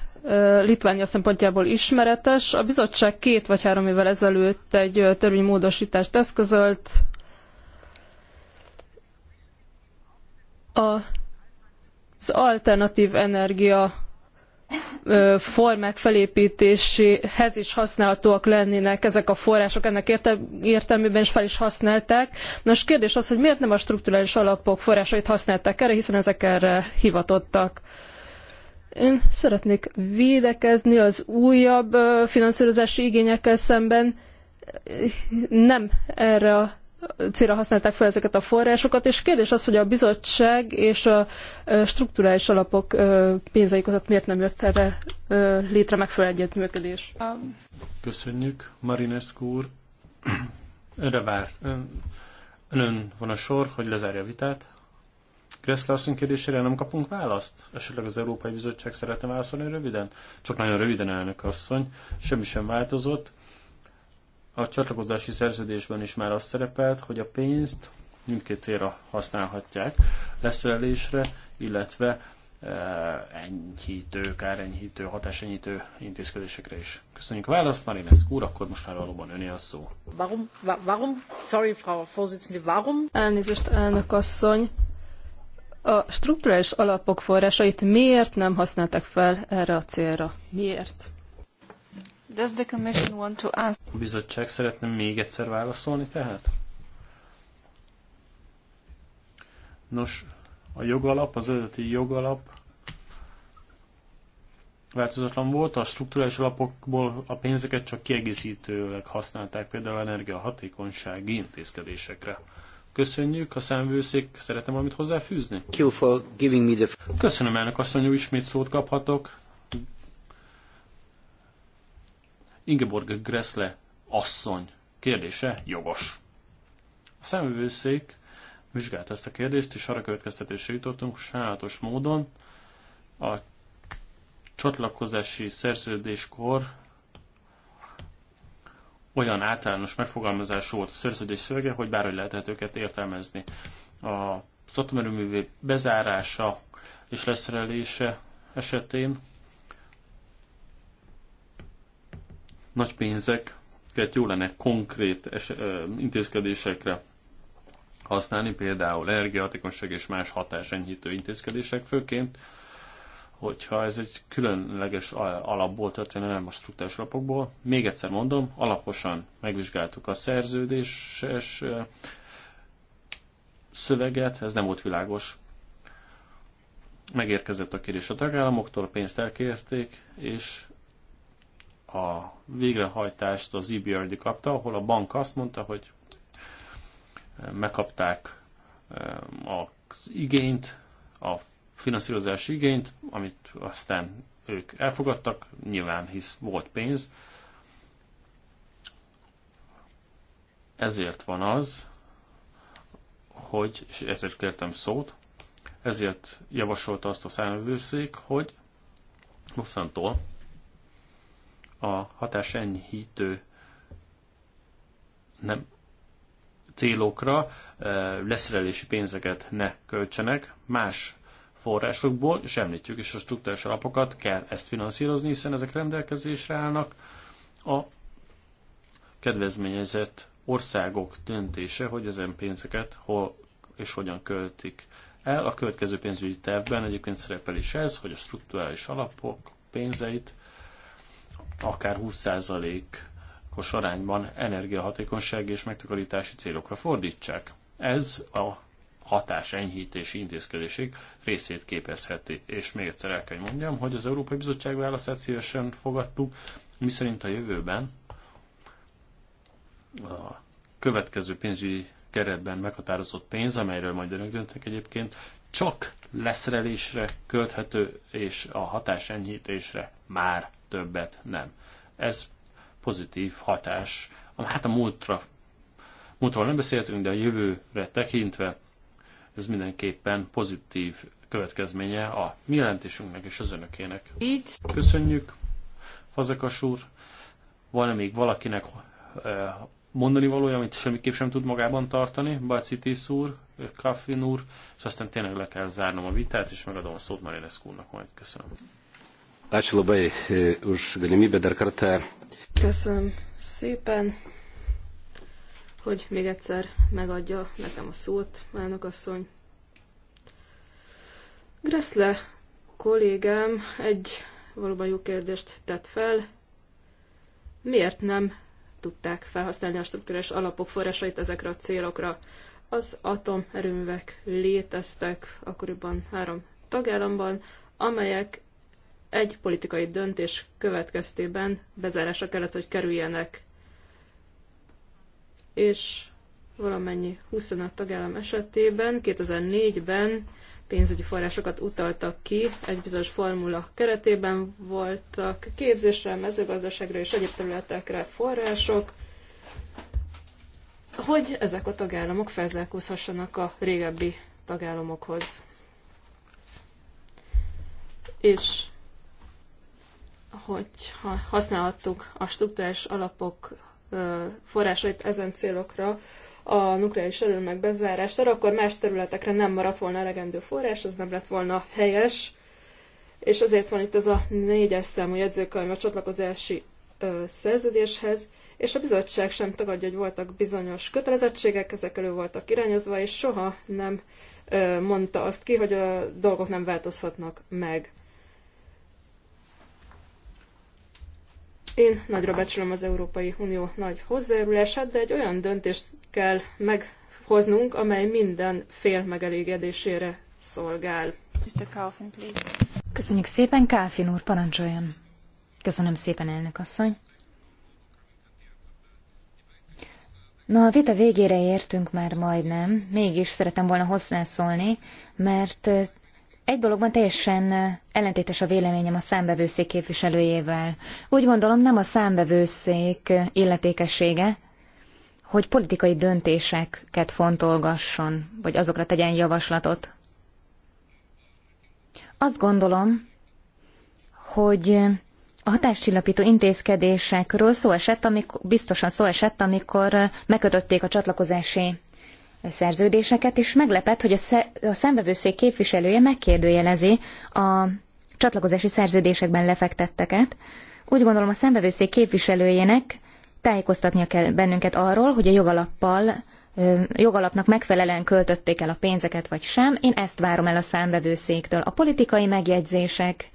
Litvánia szempontjából ismeretes. A bizottság két vagy három évvel ezelőtt egy törvénymódosítást eszközölt, az alternatív energia formák felépítéséhez is használhatóak lennének ezek a források, ennek értelmében is fel is használták. Nos, kérdés az, hogy miért nem a strukturális alapok forrásait használták erre, hiszen ezek erre hivatottak. Én szeretnék védekezni az újabb finanszírozási igényekkel szemben. Nem erre a célra használták fel ezeket a forrásokat, és kérdés az, hogy a bizottság és a strukturális alapok pénzei között miért nem jött erre létre megfelelő együttműködés. Um. Köszönjük, Marinescu úr. Erre vár. Önön van a sor, hogy lezárja a vitát. Kressler asszony kérdésére nem kapunk választ? Esetleg az Európai Bizottság szeretne válaszolni röviden? Csak nagyon röviden, elnök asszony. Semmi sem változott. A csatlakozási szerződésben is már az szerepelt, hogy a pénzt mindkét célra használhatják, leszerelésre, illetve e, enyhítő, kárenyhítő, hatásenyhítő intézkedésekre is. Köszönjük a választ, Marinesz úr, akkor most már valóban öné a szó. Warum, warum, sorry, Frau Vorsitzende, warum? Elnézést, elnök asszony. A strukturális alapok forrásait miért nem használták fel erre a célra? Miért? Does the commission want to A bizottság szeretne még egyszer válaszolni tehát? Nos, a jogalap, az eredeti jogalap változatlan volt, a strukturális alapokból a pénzeket csak kiegészítőleg használták, például energiahatékonysági intézkedésekre. Köszönjük, a számvőszék szeretem valamit hozzáfűzni? Köszönöm elnök asszonyú, ismét szót kaphatok. Ingeborg Gressle asszony kérdése jogos. A szemüvőszék vizsgált ezt a kérdést, és arra következtetésre jutottunk sajnálatos módon a csatlakozási szerződéskor olyan általános megfogalmazás volt a szerződés szövege, hogy bárhogy lehetett őket értelmezni. A szatomerőművé bezárása és leszerelése esetén nagy pénzeket jó lenne konkrét es- intézkedésekre használni, például energiahatékonyság és más hatásenyhítő intézkedések főként, hogyha ez egy különleges alapból történne, nem a struktúrás alapokból. Még egyszer mondom, alaposan megvizsgáltuk a szerződéses szöveget, ez nem volt világos. Megérkezett a kérés a tagállamoktól, a pénzt elkérték, és a végrehajtást az EBRD kapta, ahol a bank azt mondta, hogy eh, megkapták eh, az igényt, a finanszírozási igényt, amit aztán ők elfogadtak, nyilván hisz volt pénz. Ezért van az, hogy, és ezért kértem szót, ezért javasolta azt a számvevőszék, hogy mostantól a hatás enyhítő nem célokra e, leszerelési pénzeket ne költsenek más forrásokból, és említjük is a struktúrás alapokat, kell ezt finanszírozni, hiszen ezek rendelkezésre állnak. A kedvezményezett országok döntése, hogy ezen pénzeket hol és hogyan költik el. A következő pénzügyi tervben egyébként szerepel is ez, hogy a strukturális alapok pénzeit akár 20%-os arányban energiahatékonyság és megtakarítási célokra fordítsák. Ez a hatás enyhítési részét képezheti. És még egyszer el kell mondjam, hogy az Európai Bizottság válaszát szívesen fogadtuk, miszerint a jövőben a következő pénzügyi keretben meghatározott pénz, amelyről majd önök döntek egyébként, csak leszrelésre költhető, és a hatás enyhítésre már többet nem. Ez pozitív hatás. Hát a múltra, múltról nem beszéltünk, de a jövőre tekintve ez mindenképpen pozitív következménye a mi jelentésünknek és az önökének. Így. Köszönjük, Fazekas úr. Van-e még valakinek mondani valója, amit semmiképp sem tud magában tartani? Tisz úr, Kaffin úr, és aztán tényleg le kell zárnom a vitát, és megadom a szót Marinesz úrnak majd. Köszönöm. Ačiū labai e, už galimybę dar kartą. Köszönöm szépen, hogy még egyszer megadja nekem a szót, elnök asszony. Gressle kollégám egy valóban jó kérdést tett fel. Miért nem tudták felhasználni a struktúrás alapok forrásait ezekre a célokra? Az atomerőművek léteztek akkoriban három tagállamban, amelyek egy politikai döntés következtében bezárásra kellett, hogy kerüljenek. És valamennyi 25 tagállam esetében 2004-ben pénzügyi forrásokat utaltak ki, egy bizonyos formula keretében voltak képzésre, mezőgazdaságra és egyéb területekre források, hogy ezek a tagállamok felzárkózhassanak a régebbi tagállamokhoz. És hogy ha használhattuk a struktúrás alapok forrásait ezen célokra, a nukleáris erőmek bezárására, akkor más területekre nem maradt volna elegendő forrás, az nem lett volna helyes, és azért van itt ez a négyes számú jegyzőkönyv a csatlakozási ö, szerződéshez, és a bizottság sem tagadja, hogy voltak bizonyos kötelezettségek, ezek elő voltak irányozva, és soha nem ö, mondta azt ki, hogy a dolgok nem változhatnak meg. Én nagyra becsülöm az Európai Unió nagy hozzájárulását, de egy olyan döntést kell meghoznunk, amely minden fél megelégedésére szolgál. Mr. please. Köszönjük szépen, Kálfin úr, parancsoljon. Köszönöm szépen, elnök asszony. Na, a vita végére értünk már majdnem, mégis szeretem volna hozzászólni, mert egy dologban teljesen ellentétes a véleményem a számbevőszék képviselőjével. Úgy gondolom nem a számbevőszék illetékessége, hogy politikai döntéseket fontolgasson, vagy azokra tegyen javaslatot. Azt gondolom, hogy a hatáscsillapító intézkedésekről szó esett, amikor, biztosan szó esett, amikor megkötötték a csatlakozási szerződéseket, és meglepett, hogy a szembevőszék képviselője megkérdőjelezi a csatlakozási szerződésekben lefektetteket. Úgy gondolom a szembevőszék képviselőjének tájékoztatnia kell bennünket arról, hogy a jogalappal jogalapnak megfelelően költötték el a pénzeket, vagy sem. Én ezt várom el a számbevőszéktől. A politikai megjegyzések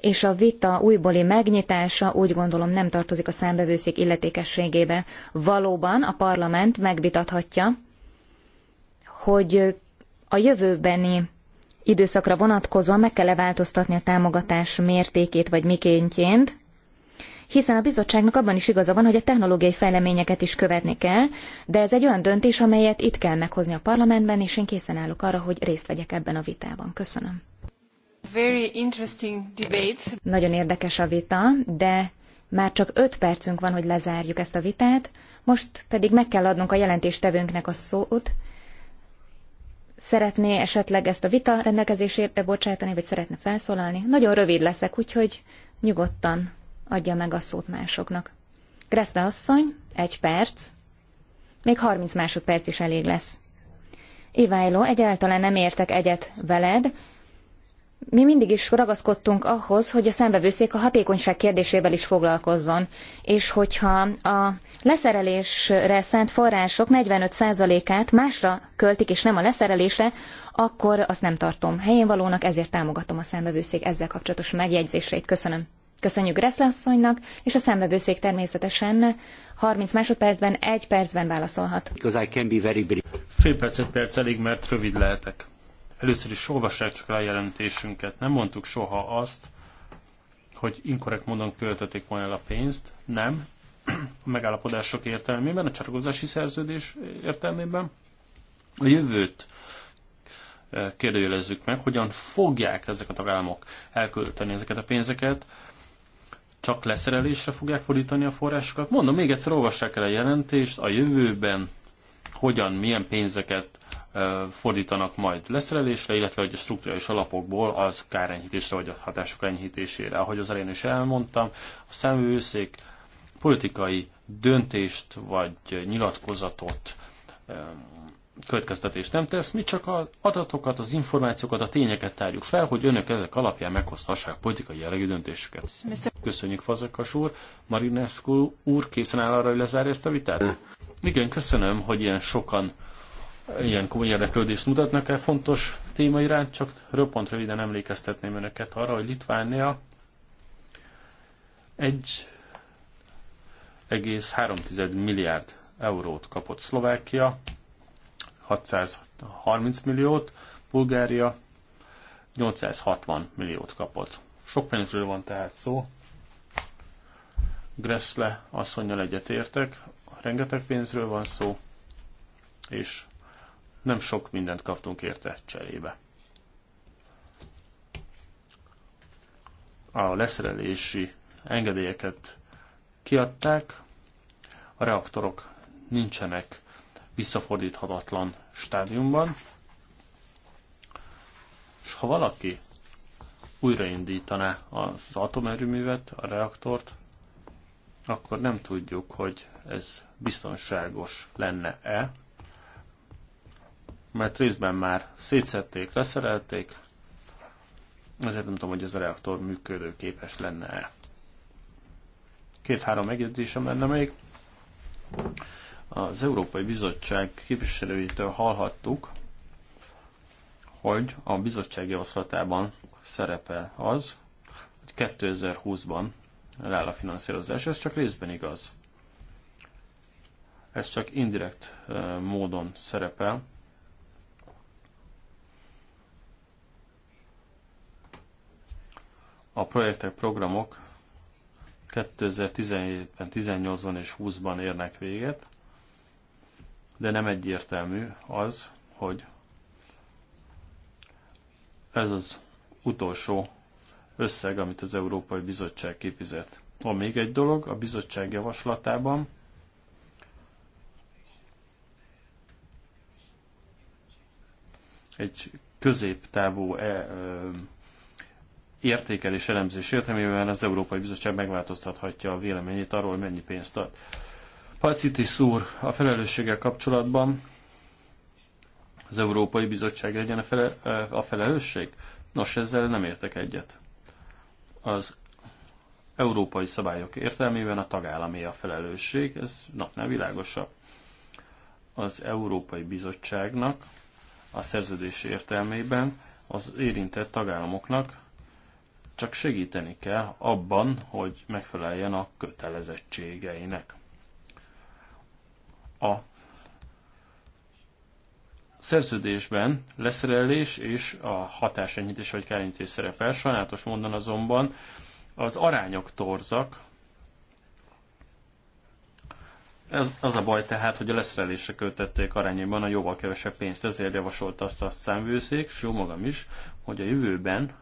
és a vita újbóli megnyitása úgy gondolom nem tartozik a számbevőszék illetékességébe. Valóban a parlament megvitathatja hogy a jövőbeni időszakra vonatkozóan meg kell -e változtatni a támogatás mértékét vagy mikéntjént, hiszen a bizottságnak abban is igaza van, hogy a technológiai fejleményeket is követni kell, de ez egy olyan döntés, amelyet itt kell meghozni a parlamentben, és én készen állok arra, hogy részt vegyek ebben a vitában. Köszönöm. Very interesting debate. Nagyon érdekes a vita, de már csak öt percünk van, hogy lezárjuk ezt a vitát, most pedig meg kell adnunk a jelentéstevőnknek a szót, szeretné esetleg ezt a vita rendelkezésére bocsátani, vagy szeretne felszólalni? Nagyon rövid leszek, úgyhogy nyugodtan adja meg a szót másoknak. Greszle asszony, egy perc. Még 30 másodperc is elég lesz. Iváló, egyáltalán nem értek egyet veled. Mi mindig is ragaszkodtunk ahhoz, hogy a szembevőszék a hatékonyság kérdésével is foglalkozzon, és hogyha a leszerelésre szánt források 45%-át másra költik, és nem a leszerelésre, akkor azt nem tartom helyén valónak, ezért támogatom a számbevőszék ezzel kapcsolatos megjegyzéseit. Köszönöm. Köszönjük Greszle asszonynak, és a számbevőszék természetesen 30 másodpercben, egy percben válaszolhat. Fél percet perc elég, mert rövid lehetek. Először is olvassák csak a jelentésünket. Nem mondtuk soha azt, hogy inkorrekt módon költötték volna el a pénzt. Nem, a megállapodások értelmében, a csatlakozási szerződés értelmében. A jövőt e, kérdőjelezzük meg, hogyan fogják ezek a tagállamok elkölteni ezeket a pénzeket, csak leszerelésre fogják fordítani a forrásokat. Mondom, még egyszer olvassák el a jelentést, a jövőben hogyan, milyen pénzeket e, fordítanak majd leszerelésre, illetve hogy a struktúrális alapokból az kárenyhítésre vagy a hatások enyhítésére. Ahogy az elején is elmondtam, a szemőszék politikai döntést vagy nyilatkozatot, következtetést nem tesz, mi csak az adatokat, az információkat, a tényeket tárjuk fel, hogy önök ezek alapján meghozhassák politikai jellegű döntésüket. Köszönjük, Fazekas úr. Marinescu úr készen áll arra, hogy lezárja ezt a vitát? Igen, köszönöm, hogy ilyen sokan ilyen komoly érdeklődést mutatnak el fontos téma iránt, csak röpont röviden emlékeztetném önöket arra, hogy Litvánia egy 1,3 milliárd eurót kapott Szlovákia, 630 milliót, Bulgária 860 milliót kapott. Sok pénzről van tehát szó. Gressle asszonynal egyetértek, rengeteg pénzről van szó, és nem sok mindent kaptunk érte cserébe. A leszerelési engedélyeket kiadták, reaktorok nincsenek visszafordíthatatlan stádiumban, és ha valaki újraindítaná az atomerőművet, a reaktort, akkor nem tudjuk, hogy ez biztonságos lenne-e, mert részben már szétszették, leszerelték, ezért nem tudom, hogy ez a reaktor működőképes lenne-e. Két-három megjegyzésem lenne még. Az Európai Bizottság képviselőjétől hallhattuk, hogy a bizottság javaslatában szerepel az, hogy 2020-ban leáll a finanszírozás. Ez csak részben igaz. Ez csak indirekt módon szerepel, a projektek, programok 2017-ben, 18-ban és 20-ban érnek véget, de nem egyértelmű az, hogy ez az utolsó összeg, amit az Európai Bizottság kifizet. Van még egy dolog, a bizottság javaslatában egy középtávú e, értékelés elemzés értelmében az Európai Bizottság megváltoztathatja a véleményét arról, mennyi pénzt ad. Palcitis szúr a felelősséggel kapcsolatban az Európai Bizottság legyen a, fele, a felelősség? Nos, ezzel nem értek egyet. Az európai szabályok értelmében a tagállami a felelősség, ez napnál világosabb. Az Európai Bizottságnak a szerződés értelmében az érintett tagállamoknak csak segíteni kell abban, hogy megfeleljen a kötelezettségeinek. A szerződésben leszerelés és a hatásenyhítés vagy kárnyítés szerepel, sajnálatos mondan azonban az arányok torzak, ez, az a baj tehát, hogy a leszerelésre költötték arányában a jóval kevesebb pénzt, ezért javasolta azt a számvőszék, és jó magam is, hogy a jövőben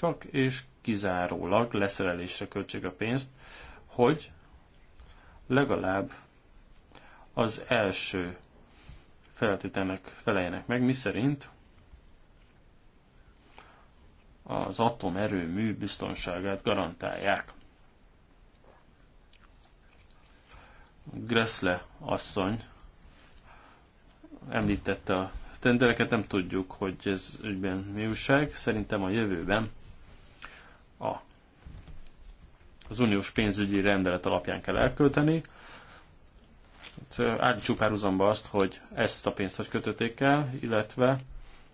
csak és kizárólag leszerelésre költség a pénzt, hogy legalább az első feltételnek feleljenek meg, szerint az atomerőmű biztonságát garantálják. Gressle asszony említette a tendereket, nem tudjuk, hogy ez ügyben mi újság. Szerintem a jövőben a, az uniós pénzügyi rendelet alapján kell elkölteni. Hát, állítsuk párhuzamba azt, hogy ezt a pénzt hogy kötötték el, illetve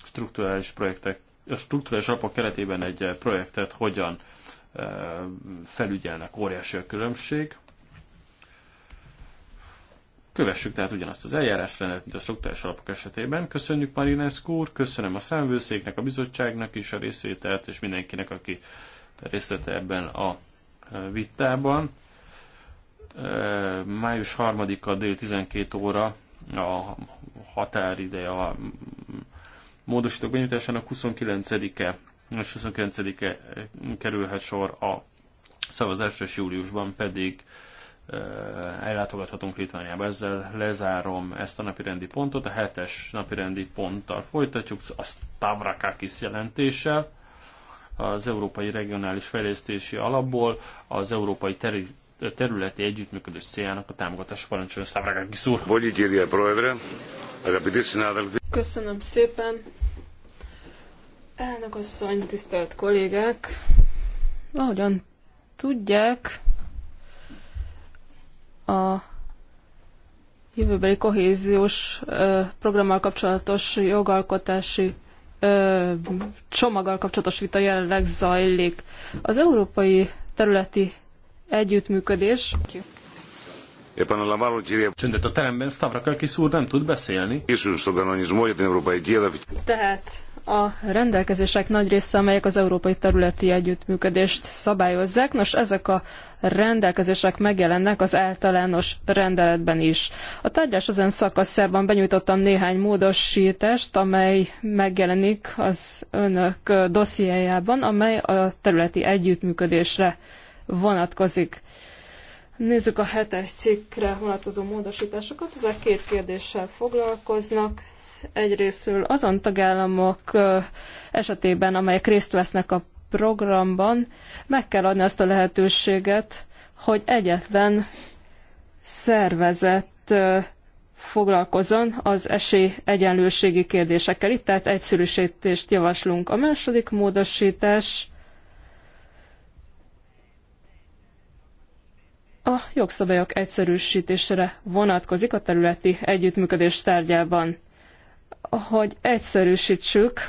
strukturális projektek, a strukturális alapok keretében egy projektet hogyan felügyelnek, óriási a különbség. Kövessük tehát ugyanazt az eljárásrendet, mint a struktúrás alapok esetében. Köszönjük Marinesz úr, köszönöm a szemvőszéknek, a bizottságnak is a részvételt, és mindenkinek, aki részt vett ebben a e, vitában. E, május 3-a dél 12 óra a határideje a módosítók benyújtásának 29-e és 29-e kerülhet sor a szavazásra, és júliusban pedig e, ellátogathatunk Litvániába. Ezzel lezárom ezt a napirendi pontot, a hetes napirendi ponttal folytatjuk, a Stavrakakis jelentéssel az Európai Regionális Fejlesztési Alapból az Európai Teri területi együttműködés céljának a támogatása parancsolja Szávrágákis úr. Köszönöm szépen. Elnök asszony, tisztelt kollégák! Ahogyan tudják, a jövőbeli kohéziós programmal kapcsolatos jogalkotási ö, csomaggal kapcsolatos vita jelenleg zajlik. Az európai területi együttműködés... Επαναλαμβάνω, κύριε. Csöndet a teremben Stavrakakis úr nem tud beszélni. Tehát a rendelkezések nagy része, amelyek az európai területi együttműködést szabályozzák, nos ezek a rendelkezések megjelennek az általános rendeletben is. A tárgyás ezen szakaszában benyújtottam néhány módosítást, amely megjelenik az önök dossziéjában, amely a területi együttműködésre vonatkozik. Nézzük a hetes cikkre vonatkozó módosításokat. Ezek két kérdéssel foglalkoznak. Egyrésztről azon tagállamok esetében, amelyek részt vesznek a programban, meg kell adni azt a lehetőséget, hogy egyetlen szervezet foglalkozon az esély egyenlőségi kérdésekkel. Itt tehát egyszerűsítést javaslunk. A második módosítás a jogszabályok egyszerűsítésére vonatkozik a területi együttműködés tárgyában hogy egyszerűsítsük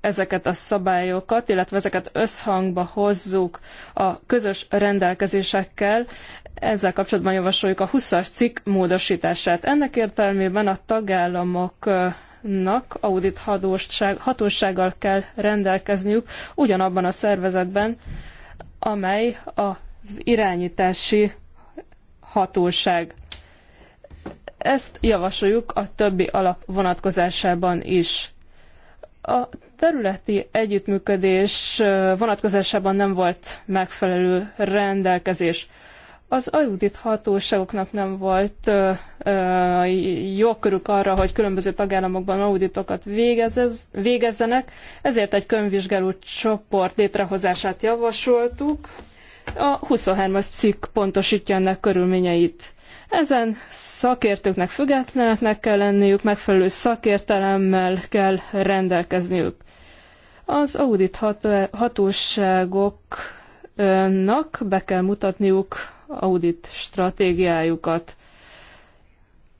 ezeket a szabályokat, illetve ezeket összhangba hozzuk a közös rendelkezésekkel. Ezzel kapcsolatban javasoljuk a 20-as cikk módosítását. Ennek értelmében a tagállamoknak audit hatósággal kell rendelkezniük ugyanabban a szervezetben, amely az irányítási hatóság. Ezt javasoljuk a többi alap vonatkozásában is. A területi együttműködés vonatkozásában nem volt megfelelő rendelkezés. Az ajudit hatóságoknak nem volt jogkörük arra, hogy különböző tagállamokban auditokat végezzenek, ezért egy könyvvizsgáló csoport létrehozását javasoltuk. A 23-as cikk pontosítja ennek körülményeit. Ezen szakértőknek függetleneknek kell lenniük, megfelelő szakértelemmel kell rendelkezniük. Az audit hatóságoknak be kell mutatniuk audit stratégiájukat.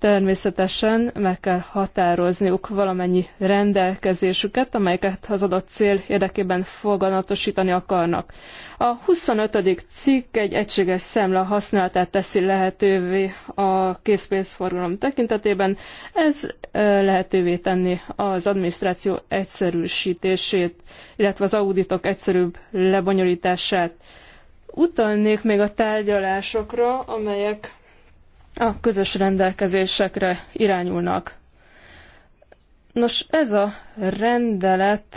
Természetesen meg kell határozniuk valamennyi rendelkezésüket, amelyeket az adott cél érdekében foganatosítani akarnak. A 25. cikk egy egységes szemle használatát teszi lehetővé a készpénzforgalom tekintetében. Ez lehetővé tenni az adminisztráció egyszerűsítését, illetve az auditok egyszerűbb lebonyolítását. Utalnék még a tárgyalásokra, amelyek a közös rendelkezésekre irányulnak. Nos, ez a rendelet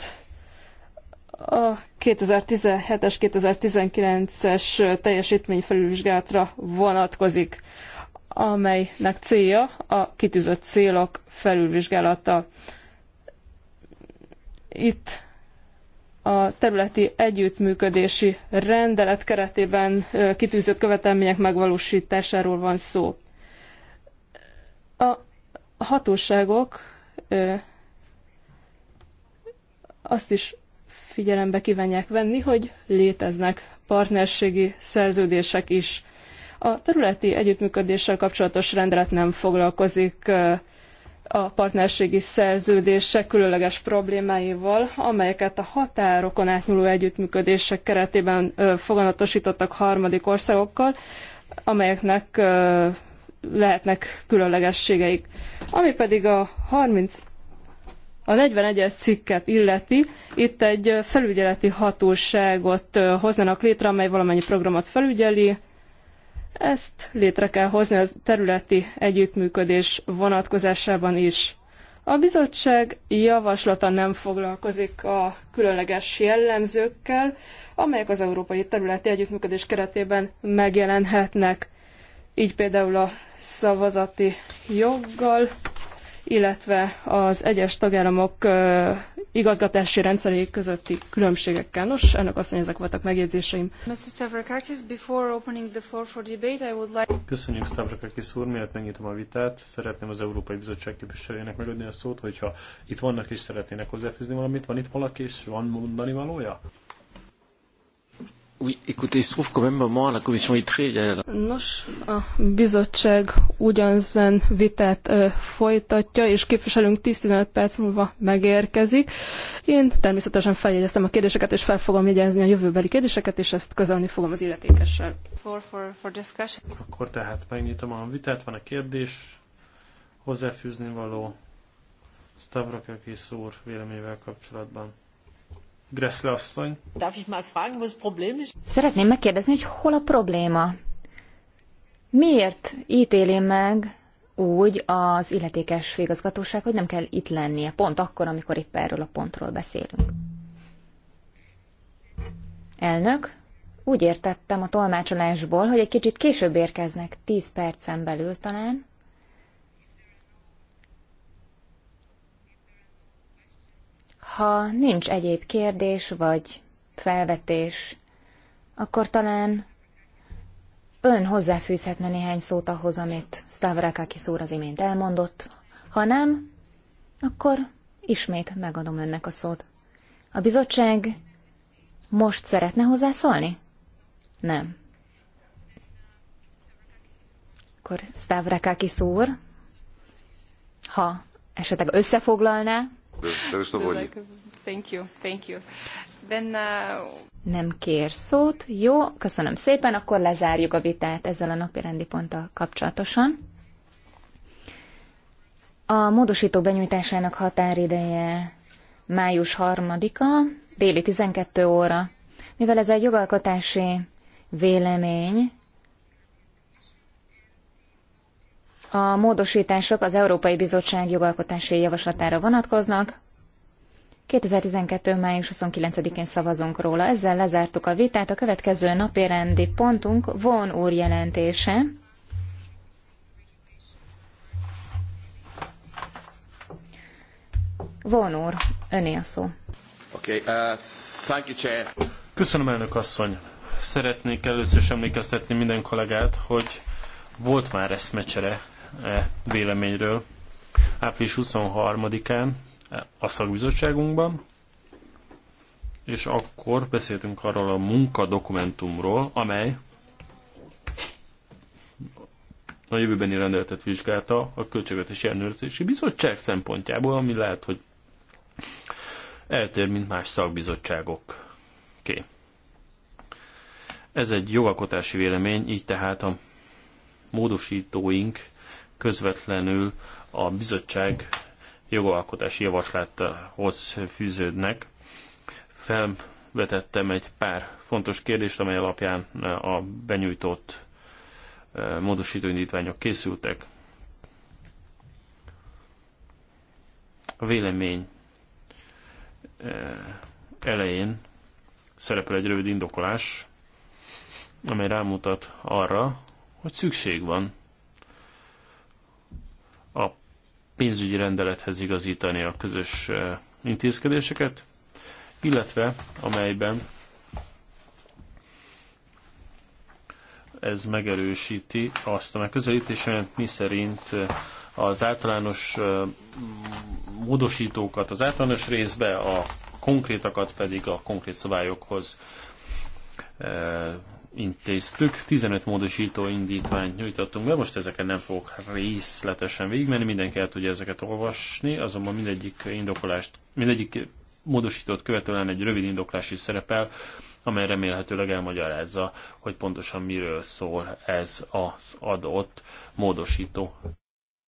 a 2017-es, 2019-es teljesítményfelülvizsgálatra vonatkozik, amelynek célja a kitűzött célok felülvizsgálata. Itt a területi együttműködési rendelet keretében kitűzött követelmények megvalósításáról van szó. A hatóságok azt is figyelembe kívánják venni, hogy léteznek partnerségi szerződések is. A területi együttműködéssel kapcsolatos rendelet nem foglalkozik a partnerségi szerződések különleges problémáival, amelyeket a határokon átnyúló együttműködések keretében foganatosítottak harmadik országokkal, amelyeknek lehetnek különlegességeik. Ami pedig a 30 a 41-es cikket illeti, itt egy felügyeleti hatóságot hoznának létre, amely valamennyi programot felügyeli. Ezt létre kell hozni az területi együttműködés vonatkozásában is. A bizottság javaslata nem foglalkozik a különleges jellemzőkkel, amelyek az európai területi együttműködés keretében megjelenhetnek így például a szavazati joggal, illetve az egyes tagállamok igazgatási rendszerei közötti különbségekkel. Nos, ennek azt mondja, ezek voltak megjegyzéseim. Köszönjük Stavrakakis úr, miért megnyitom a vitát. Szeretném az Európai Bizottság képviselőjének megadni a szót, hogyha itt vannak és szeretnének hozzáfűzni valamit. Van itt valaki és van mondani valója? Oui, écoutez, il se trouve qu'au même moment, la commission ITRE... Nos, a bizottság ugyanzen vitát ö, folytatja, és képviselünk 10-15 perc múlva megérkezik. Én természetesen feljegyeztem a kérdéseket, és fel fogom jegyezni a jövőbeli kérdéseket, és ezt közölni fogom az illetékessel. For, for, for discussion. Akkor tehát megnyitom a vitát, van a kérdés, hozzáfűzni való Stavrakakis úr véleményével kapcsolatban asszony. Darf Szeretném megkérdezni, hogy hol a probléma? Miért ítéli meg úgy az illetékes főigazgatóság, hogy nem kell itt lennie, pont akkor, amikor itt erről a pontról beszélünk? Elnök, úgy értettem a tolmácsolásból, hogy egy kicsit később érkeznek, tíz percen belül talán. Ha nincs egyéb kérdés vagy felvetés, akkor talán ön hozzáfűzhetne néhány szót ahhoz, amit Stavrakakis úr az imént elmondott. Ha nem, akkor ismét megadom önnek a szót. A bizottság most szeretne hozzászólni? Nem. Akkor Stavrakakis úr, ha esetleg összefoglalná, Thank you, thank you. Then, uh... Nem kér szót. Jó, köszönöm szépen, akkor lezárjuk a vitát ezzel a napi rendi ponttal kapcsolatosan. A módosító benyújtásának határideje május 3-a, déli 12 óra. Mivel ez egy jogalkotási vélemény, A módosítások az Európai Bizottság jogalkotási javaslatára vonatkoznak. 2012. május 29-én szavazunk róla. Ezzel lezártuk a vitát. A következő napi rendi pontunk von úr jelentése. Von úr, öné a szó. Okay, uh, thank you, Chair. Köszönöm, elnök asszony. Szeretnék először is emlékeztetni minden kollégát, hogy volt már eszmecsere e véleményről április 23-án a szakbizottságunkban, és akkor beszéltünk arról a munkadokumentumról, amely a jövőbeni rendeletet vizsgálta a Költségvetési Ellenőrzési Bizottság szempontjából, ami lehet, hogy eltér, mint más szakbizottságok. Okay. Ez egy jogalkotási vélemény, így tehát a módosítóink közvetlenül a bizottság jogalkotási javaslátához fűződnek. Felvetettem egy pár fontos kérdést, amely alapján e, a benyújtott e, módosítóindítványok készültek. A vélemény e, elején szerepel egy rövid indokolás, amely rámutat arra, hogy szükség van pénzügyi rendelethez igazítani a közös eh, intézkedéseket, illetve amelyben ez megerősíti azt a megközelítésemet, mi szerint eh, az általános eh, módosítókat az általános részbe, a konkrétakat pedig a konkrét szabályokhoz intéztük. 15 módosító indítványt nyújtottunk be, most ezeken nem fogok részletesen végigmenni, mindenki el tudja ezeket olvasni, azonban mindegyik indokolást, mindegyik módosítót követően egy rövid indoklás is szerepel, amely remélhetőleg elmagyarázza, hogy pontosan miről szól ez az adott módosító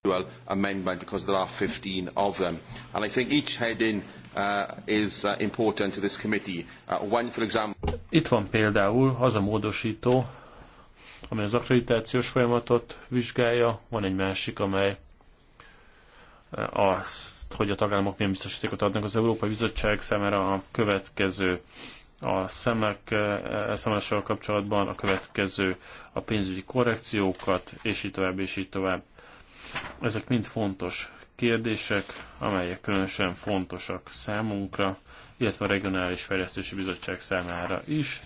individual amendment because there are 15 of them. And I think each heading uh, is uh, important to this committee. Uh, one, for example... Itt van például az a módosító, amely az akkreditációs folyamatot vizsgálja, van egy másik, amely uh, azt, hogy a tagállamok milyen biztosítékot adnak az Európai Bizottság számára a következő a szemek uh, sms kapcsolatban, a következő a pénzügyi korrekciókat, és így tovább, és így tovább. Ezek mind fontos kérdések, amelyek különösen fontosak számunkra, illetve a Regionális Fejlesztési Bizottság számára is,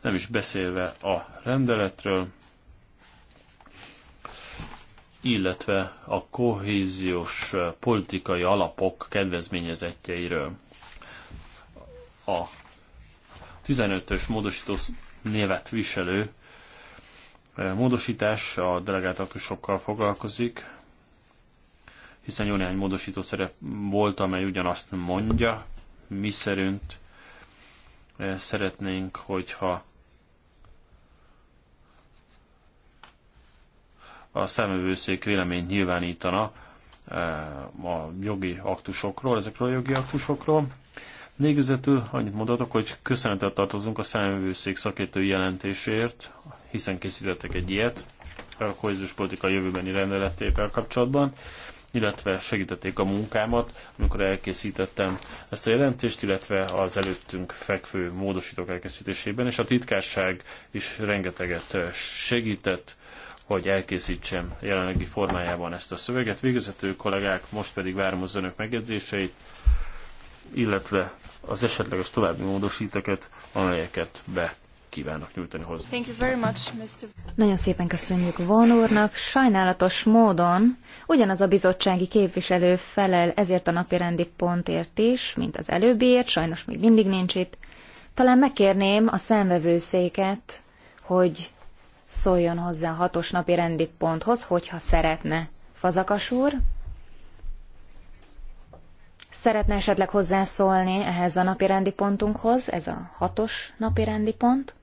nem is beszélve a rendeletről, illetve a kohéziós politikai alapok kedvezményezetjeiről. A 15-ös módosító névet viselő módosítás a delegáltatósokkal foglalkozik, hiszen jó néhány módosító szerep volt, amely ugyanazt mondja, mi szerint eh, szeretnénk, hogyha a szemövőszék véleményt nyilvánítana eh, a jogi aktusokról, ezekről a jogi aktusokról. Négyzetül annyit mondatok, hogy köszönetet tartozunk a szemövőszék szakértői jelentésért, hiszen készítettek egy ilyet a kohéziós politika jövőbeni rendeletével kapcsolatban illetve segítették a munkámat, amikor elkészítettem ezt a jelentést, illetve az előttünk fekvő módosítók elkészítésében, és a titkárság is rengeteget segített, hogy elkészítsem jelenlegi formájában ezt a szöveget. Végezető kollégák, most pedig várom az önök megjegyzéseit, illetve az esetleges további módosíteket, amelyeket be kívánnak nyújtani hozzá. Thank you very much, Mr. Nagyon szépen köszönjük Von úrnak. Sajnálatos módon ugyanaz a bizottsági képviselő felel ezért a napirendi pontért is, mint az előbbiért, sajnos még mindig nincs itt. Talán megkérném a szemvevőszéket, hogy szóljon hozzá a hatos napi rendi ponthoz, hogyha szeretne. Fazakas úr, szeretne esetleg hozzászólni ehhez a napi rendi pontunkhoz, ez a hatos napi rendi pont?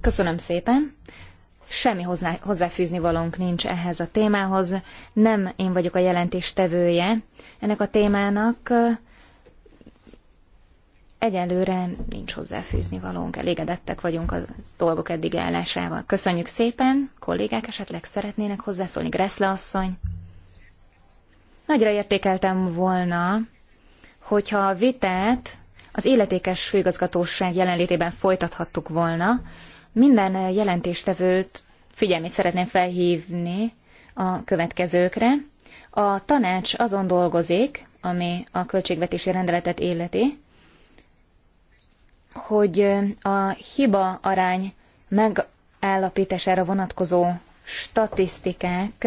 Köszönöm szépen. Semmi hozzá, hozzáfűzni valónk nincs ehhez a témához. Nem én vagyok a jelentés tevője ennek a témának. Egyelőre nincs hozzáfűzni valónk. Elégedettek vagyunk a dolgok eddig állásával. Köszönjük szépen. Kollégák esetleg szeretnének hozzászólni. Greszle asszony. Nagyra értékeltem volna, hogyha a vitát az illetékes főigazgatóság jelenlétében folytathattuk volna. Minden jelentéstevőt figyelmét szeretném felhívni a következőkre. A tanács azon dolgozik, ami a költségvetési rendeletet illeti, hogy a hiba arány megállapítására vonatkozó statisztikák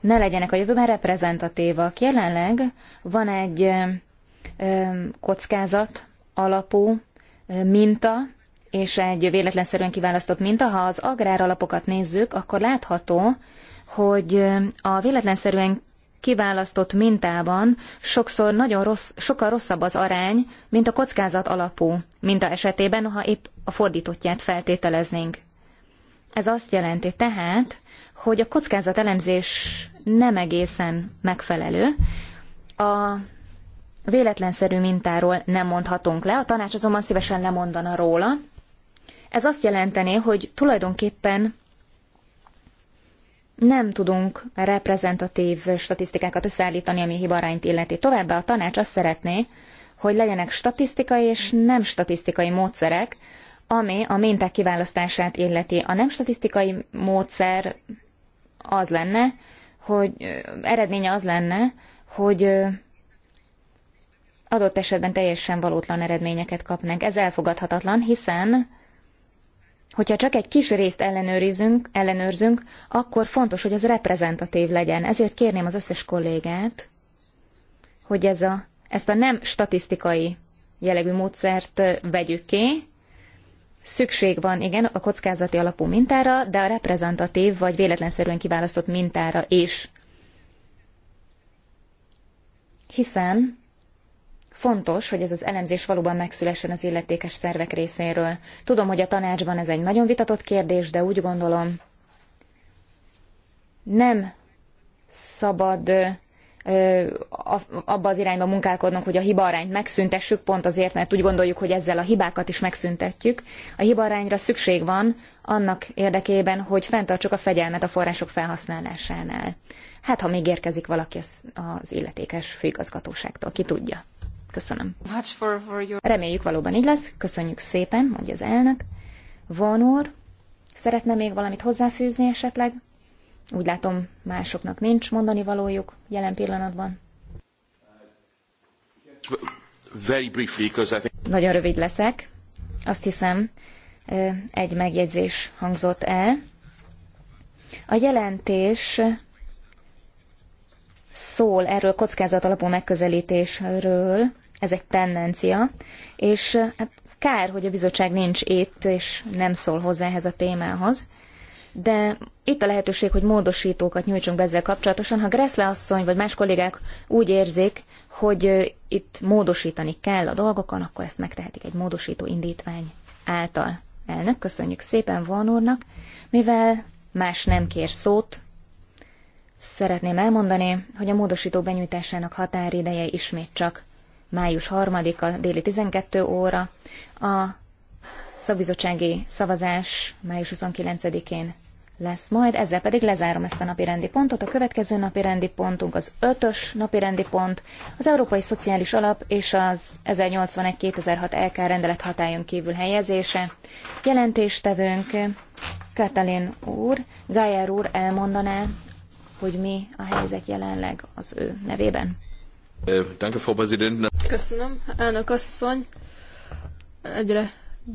ne legyenek a jövőben reprezentatívak. Jelenleg van egy kockázat alapú minta, és egy véletlenszerűen kiválasztott minta, ha az agráralapokat nézzük, akkor látható, hogy a véletlenszerűen kiválasztott mintában sokszor nagyon rossz, sokkal rosszabb az arány, mint a kockázat alapú minta esetében, ha épp a fordítottját feltételeznénk. Ez azt jelenti tehát, hogy a kockázat elemzés nem egészen megfelelő. A véletlenszerű mintáról nem mondhatunk le, a tanács azonban szívesen lemondana róla. Ez azt jelentené, hogy tulajdonképpen nem tudunk reprezentatív statisztikákat összeállítani, ami hibarányt illeti. Továbbá a tanács azt szeretné, hogy legyenek statisztikai és nem statisztikai módszerek, ami a minták kiválasztását illeti. A nem statisztikai módszer az lenne, hogy eredménye az lenne, hogy adott esetben teljesen valótlan eredményeket kapnánk. Ez elfogadhatatlan, hiszen hogyha csak egy kis részt ellenőrizünk, ellenőrzünk, akkor fontos, hogy az reprezentatív legyen. Ezért kérném az összes kollégát, hogy ez a, ezt a nem statisztikai jellegű módszert vegyük ki. Szükség van, igen, a kockázati alapú mintára, de a reprezentatív vagy véletlenszerűen kiválasztott mintára is. Hiszen Fontos, hogy ez az elemzés valóban megszülessen az illetékes szervek részéről. Tudom, hogy a tanácsban ez egy nagyon vitatott kérdés, de úgy gondolom, nem szabad abba az irányba munkálkodnunk, hogy a hibarányt megszüntessük, pont azért, mert úgy gondoljuk, hogy ezzel a hibákat is megszüntetjük. A hibarányra szükség van annak érdekében, hogy fenntartsuk a fegyelmet a források felhasználásánál. Hát, ha még érkezik valaki az, az illetékes főigazgatóságtól, ki tudja. Köszönöm. Reméljük valóban így lesz. Köszönjük szépen, mondja az elnök. Van úr, szeretne még valamit hozzáfűzni esetleg? Úgy látom, másoknak nincs mondani valójuk jelen pillanatban. Very briefly, I think... Nagyon rövid leszek. Azt hiszem, egy megjegyzés hangzott el. A jelentés szól erről kockázat alapú megközelítésről, ez egy tendencia, és hát kár, hogy a bizottság nincs itt, és nem szól hozzá ehhez a témához. De itt a lehetőség, hogy módosítókat nyújtsunk be ezzel kapcsolatosan. Ha Gressle asszony vagy más kollégák úgy érzik, hogy itt módosítani kell a dolgokon, akkor ezt megtehetik egy módosító indítvány által. Elnök, köszönjük szépen Van úrnak, mivel más nem kér szót, szeretném elmondani, hogy a módosító benyújtásának határideje ismét csak május 3-a déli 12 óra, a szabizottsági szavazás május 29-én lesz majd, ezzel pedig lezárom ezt a napi rendi pontot. A következő napi rendi pontunk az ötös napi rendi pont, az Európai Szociális Alap és az 1081-2006 LK rendelet hatályon kívül helyezése. Jelentéstevőnk Katalin úr, Gájer úr elmondaná, hogy mi a helyzet jelenleg az ő nevében. Köszönöm, elnök asszony. Egyre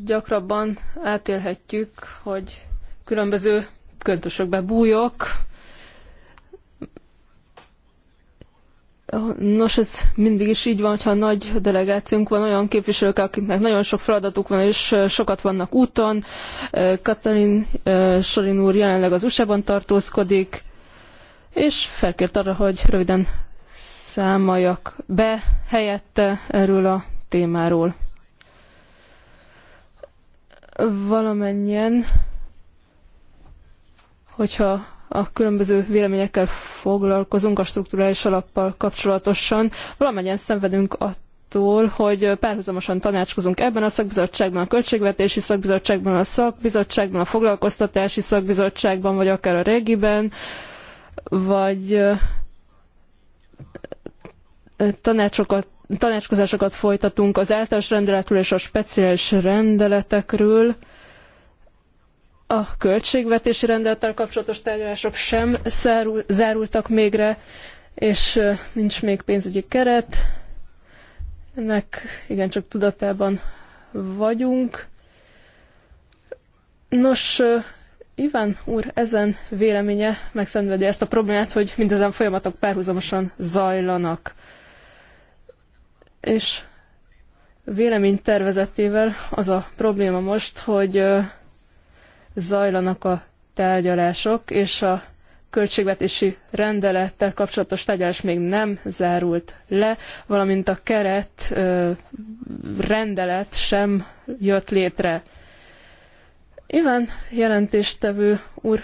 gyakrabban átélhetjük, hogy különböző köntösökbe bújok. Nos, ez mindig is így van, hogyha nagy delegációnk van, olyan képviselők, akiknek nagyon sok feladatuk van, és sokat vannak úton. Katalin Sorin úr jelenleg az USA-ban tartózkodik, és felkért arra, hogy röviden számoljak be helyette erről a témáról. Valamennyien, hogyha a különböző véleményekkel foglalkozunk a struktúrális alappal kapcsolatosan, valamennyien szenvedünk attól, hogy párhuzamosan tanácskozunk ebben a szakbizottságban, a költségvetési szakbizottságban, a szakbizottságban, a foglalkoztatási szakbizottságban, vagy akár a régiben, vagy tanácsokat, tanácskozásokat folytatunk az általános rendeletről és a speciális rendeletekről. A költségvetési rendelettel kapcsolatos tárgyalások sem zárul, zárultak mégre, és nincs még pénzügyi keret. Ennek igencsak tudatában vagyunk. Nos, Iván úr ezen véleménye megszenvedi ezt a problémát, hogy mindezen folyamatok párhuzamosan zajlanak és tervezetével az a probléma most, hogy zajlanak a tárgyalások, és a költségvetési rendelettel kapcsolatos tárgyalás még nem zárult le, valamint a keret rendelet sem jött létre. Iván jelentéstevő úr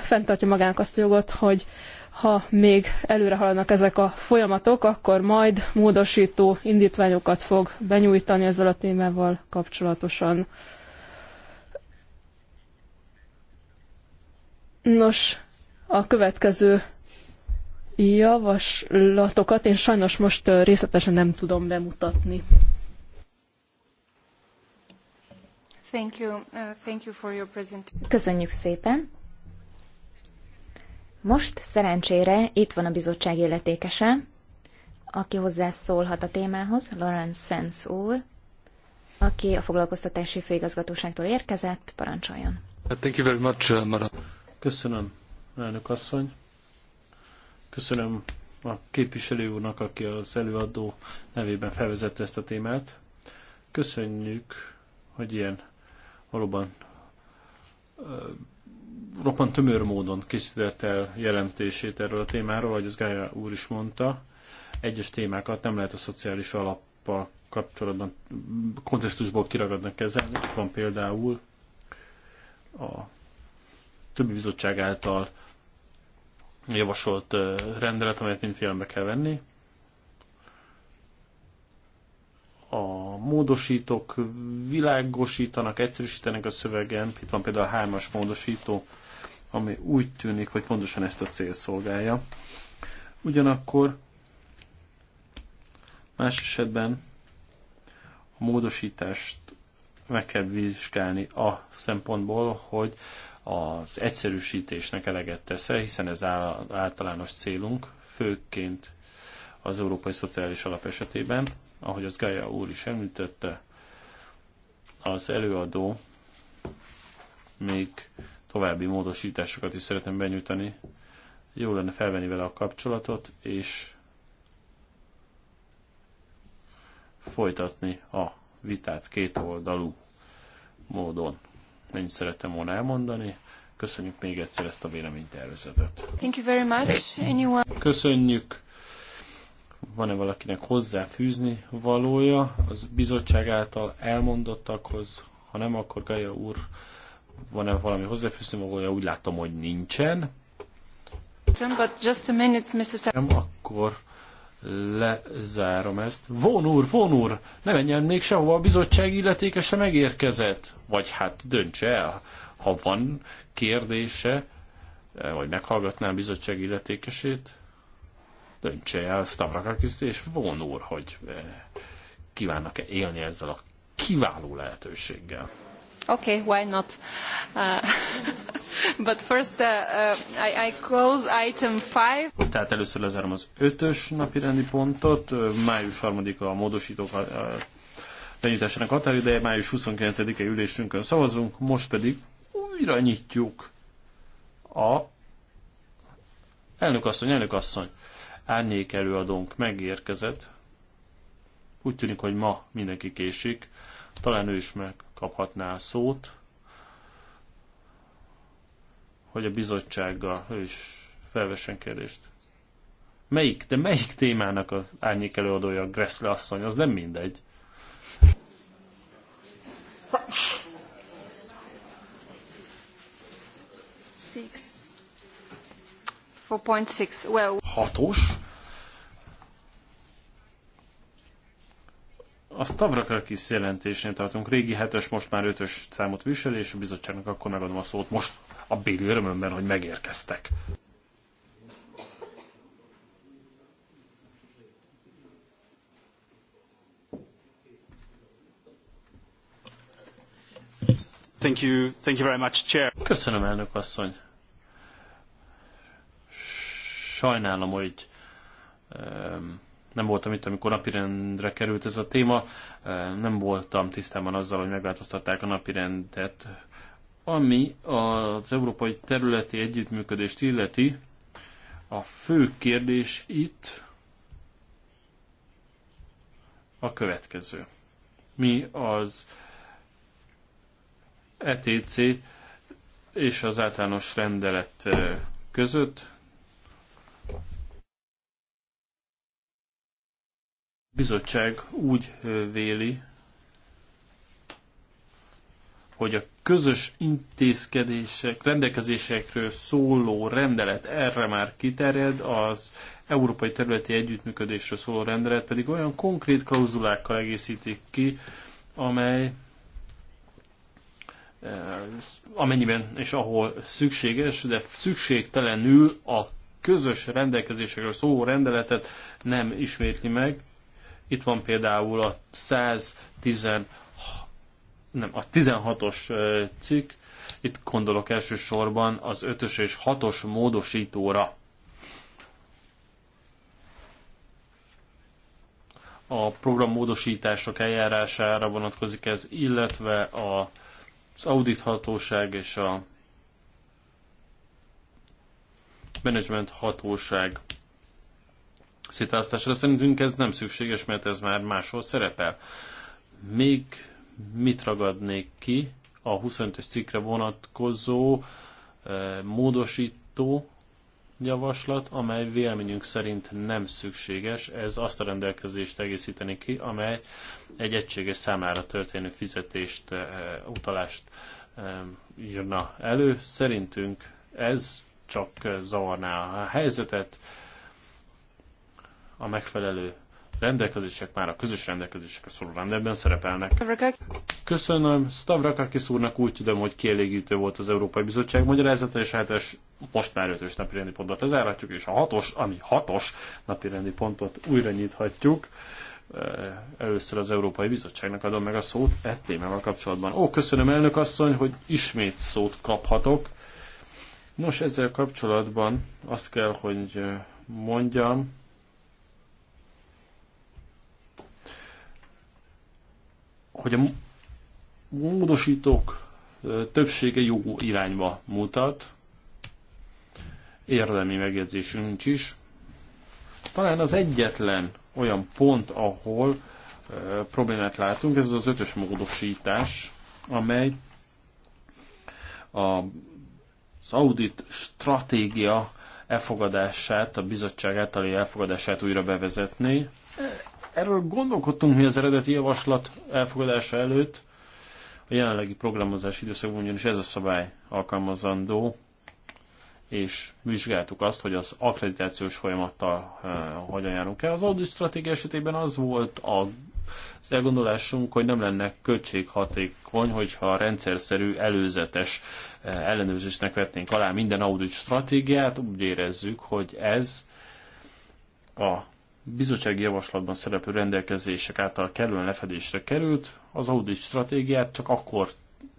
fenntartja magának azt a jogot, hogy ha még előre haladnak ezek a folyamatok, akkor majd módosító indítványokat fog benyújtani ezzel a témával kapcsolatosan. Nos, a következő javaslatokat én sajnos most részletesen nem tudom bemutatni. Uh, Köszönjük szépen! Most szerencsére itt van a bizottság illetékese, aki hozzászólhat a témához, Lawrence Sens úr, aki a foglalkoztatási főigazgatóságtól érkezett, parancsoljon. Thank you very much, uh, madam. Köszönöm, elnök asszony. Köszönöm a képviselő úrnak, aki az előadó nevében felvezette ezt a témát. Köszönjük, hogy ilyen valóban roppant tömör módon készített el jelentését erről a témáról, ahogy az Gája úr is mondta. Egyes témákat nem lehet a szociális alappal kapcsolatban kontextusból kiragadnak kezelni. Itt van például a többi bizottság által javasolt rendelet, amelyet mind figyelembe kell venni. A módosítók világosítanak, egyszerűsítenek a szövegen. Itt van például a hármas módosító, ami úgy tűnik, hogy pontosan ezt a cél szolgálja. Ugyanakkor más esetben a módosítást meg kell vizsgálni a szempontból, hogy az egyszerűsítésnek eleget tesz hiszen ez általános célunk, főként az Európai Szociális Alap esetében, ahogy az Gaia úr is említette, az előadó még további módosításokat is szeretem benyújtani. Jó lenne felvenni vele a kapcsolatot, és folytatni a vitát két oldalú módon. Ennyit szerettem volna elmondani. Köszönjük még egyszer ezt a véleménytervezetet. Thank you very much. Anyone? Köszönjük. Van-e valakinek hozzáfűzni valója az bizottság által elmondottakhoz? Ha nem, akkor Gaja úr van-e valami hozzáfűzni magója, úgy látom, hogy nincsen. But just a minute, Mr. Nem, akkor lezárom ezt. Von úr, von úr, ne menjen még sehova, a bizottság illetékese megérkezett. Vagy hát döntse el, ha van kérdése, vagy meghallgatná a bizottság illetékesét, döntse el Stavrakakis és von úr, hogy eh, kívánnak-e élni ezzel a kiváló lehetőséggel. Okay, why not? Uh, but first, uh, uh, I, I close item five. Tehát először lezárom az ötös napi rendi pontot. Május 3-a a módosítók benyújtásának határideje, május 29-e ülésünkön szavazunk, most pedig újra nyitjuk a elnökasszony, elnökasszony, árnyék előadónk megérkezett. Úgy tűnik, hogy ma mindenki késik, talán ő is meg kaphatná a szót, hogy a bizottsággal ő is felvessen kérdést. Melyik, de melyik témának az árnyék előadója Gressle asszony, az nem mindegy. Six. Well... Hatos? A Stavrakakis jelentésnél tartunk. Régi hetes, most már ötös számot visel, és a bizottságnak akkor megadom a szót most a béli örömömben, hogy megérkeztek. Thank you, thank you very much, Chair. Köszönöm, elnök asszony. Sajnálom, hogy um, nem voltam itt, amikor napirendre került ez a téma, nem voltam tisztában azzal, hogy megváltoztatták a napirendet. Ami az európai területi együttműködést illeti, a fő kérdés itt a következő. Mi az ETC és az általános rendelet között bizottság úgy véli, hogy a közös intézkedések, rendelkezésekről szóló rendelet erre már kiterjed, az európai területi együttműködésről szóló rendelet pedig olyan konkrét klauzulákkal egészítik ki, amely amennyiben és ahol szükséges, de szükségtelenül a közös rendelkezésekről szóló rendeletet nem ismétli meg, itt van például a 110, nem, a 16-os cikk, itt gondolok elsősorban az 5-ös és 6-os módosítóra. A program módosítások eljárására vonatkozik ez, illetve a, az audithatóság és a menedzsment hatóság szétválasztásra. Szerintünk ez nem szükséges, mert ez már máshol szerepel. Még mit ragadnék ki a 25-ös cikkre vonatkozó eh, módosító javaslat, amely véleményünk szerint nem szükséges, ez azt a rendelkezést egészíteni ki, amely egy egységes számára történő fizetést, eh, utalást eh, írna elő. Szerintünk ez csak zavarná a helyzetet, a megfelelő rendelkezések már a közös rendelkezésekre szóló rendelben szerepelnek. Köszönöm, Stavrakakis úrnak úgy tudom, hogy kielégítő volt az Európai Bizottság magyarázata, és hát es, most már ötös napirendi pontot lezárhatjuk, és a hatos, ami hatos napirendi pontot újra nyithatjuk. Eh, először az Európai Bizottságnak adom meg a szót e témával kapcsolatban. Ó, köszönöm elnök asszony, hogy ismét szót kaphatok. Nos, ezzel kapcsolatban azt kell, hogy eh, mondjam, hogy a módosítók többsége jó irányba mutat, érdemi megjegyzésünk nincs is. Talán az egyetlen olyan pont, ahol problémát látunk, ez az az ötös módosítás, amely a, az audit stratégia elfogadását, a bizottság általi elfogadását újra bevezetni. Erről gondolkodtunk mi az eredeti javaslat elfogadása előtt. A jelenlegi programozási időszakban ugyanis ez a szabály alkalmazandó, és vizsgáltuk azt, hogy az akkreditációs folyamattal uh, hogyan járunk el. Az audit stratégia esetében az volt a, az elgondolásunk, hogy nem lenne költséghatékony, hogyha rendszerszerű előzetes uh, ellenőrzésnek vetnénk alá minden audit stratégiát. Úgy érezzük, hogy ez a bizottsági javaslatban szereplő rendelkezések által kellően lefedésre került, az audit stratégiát csak akkor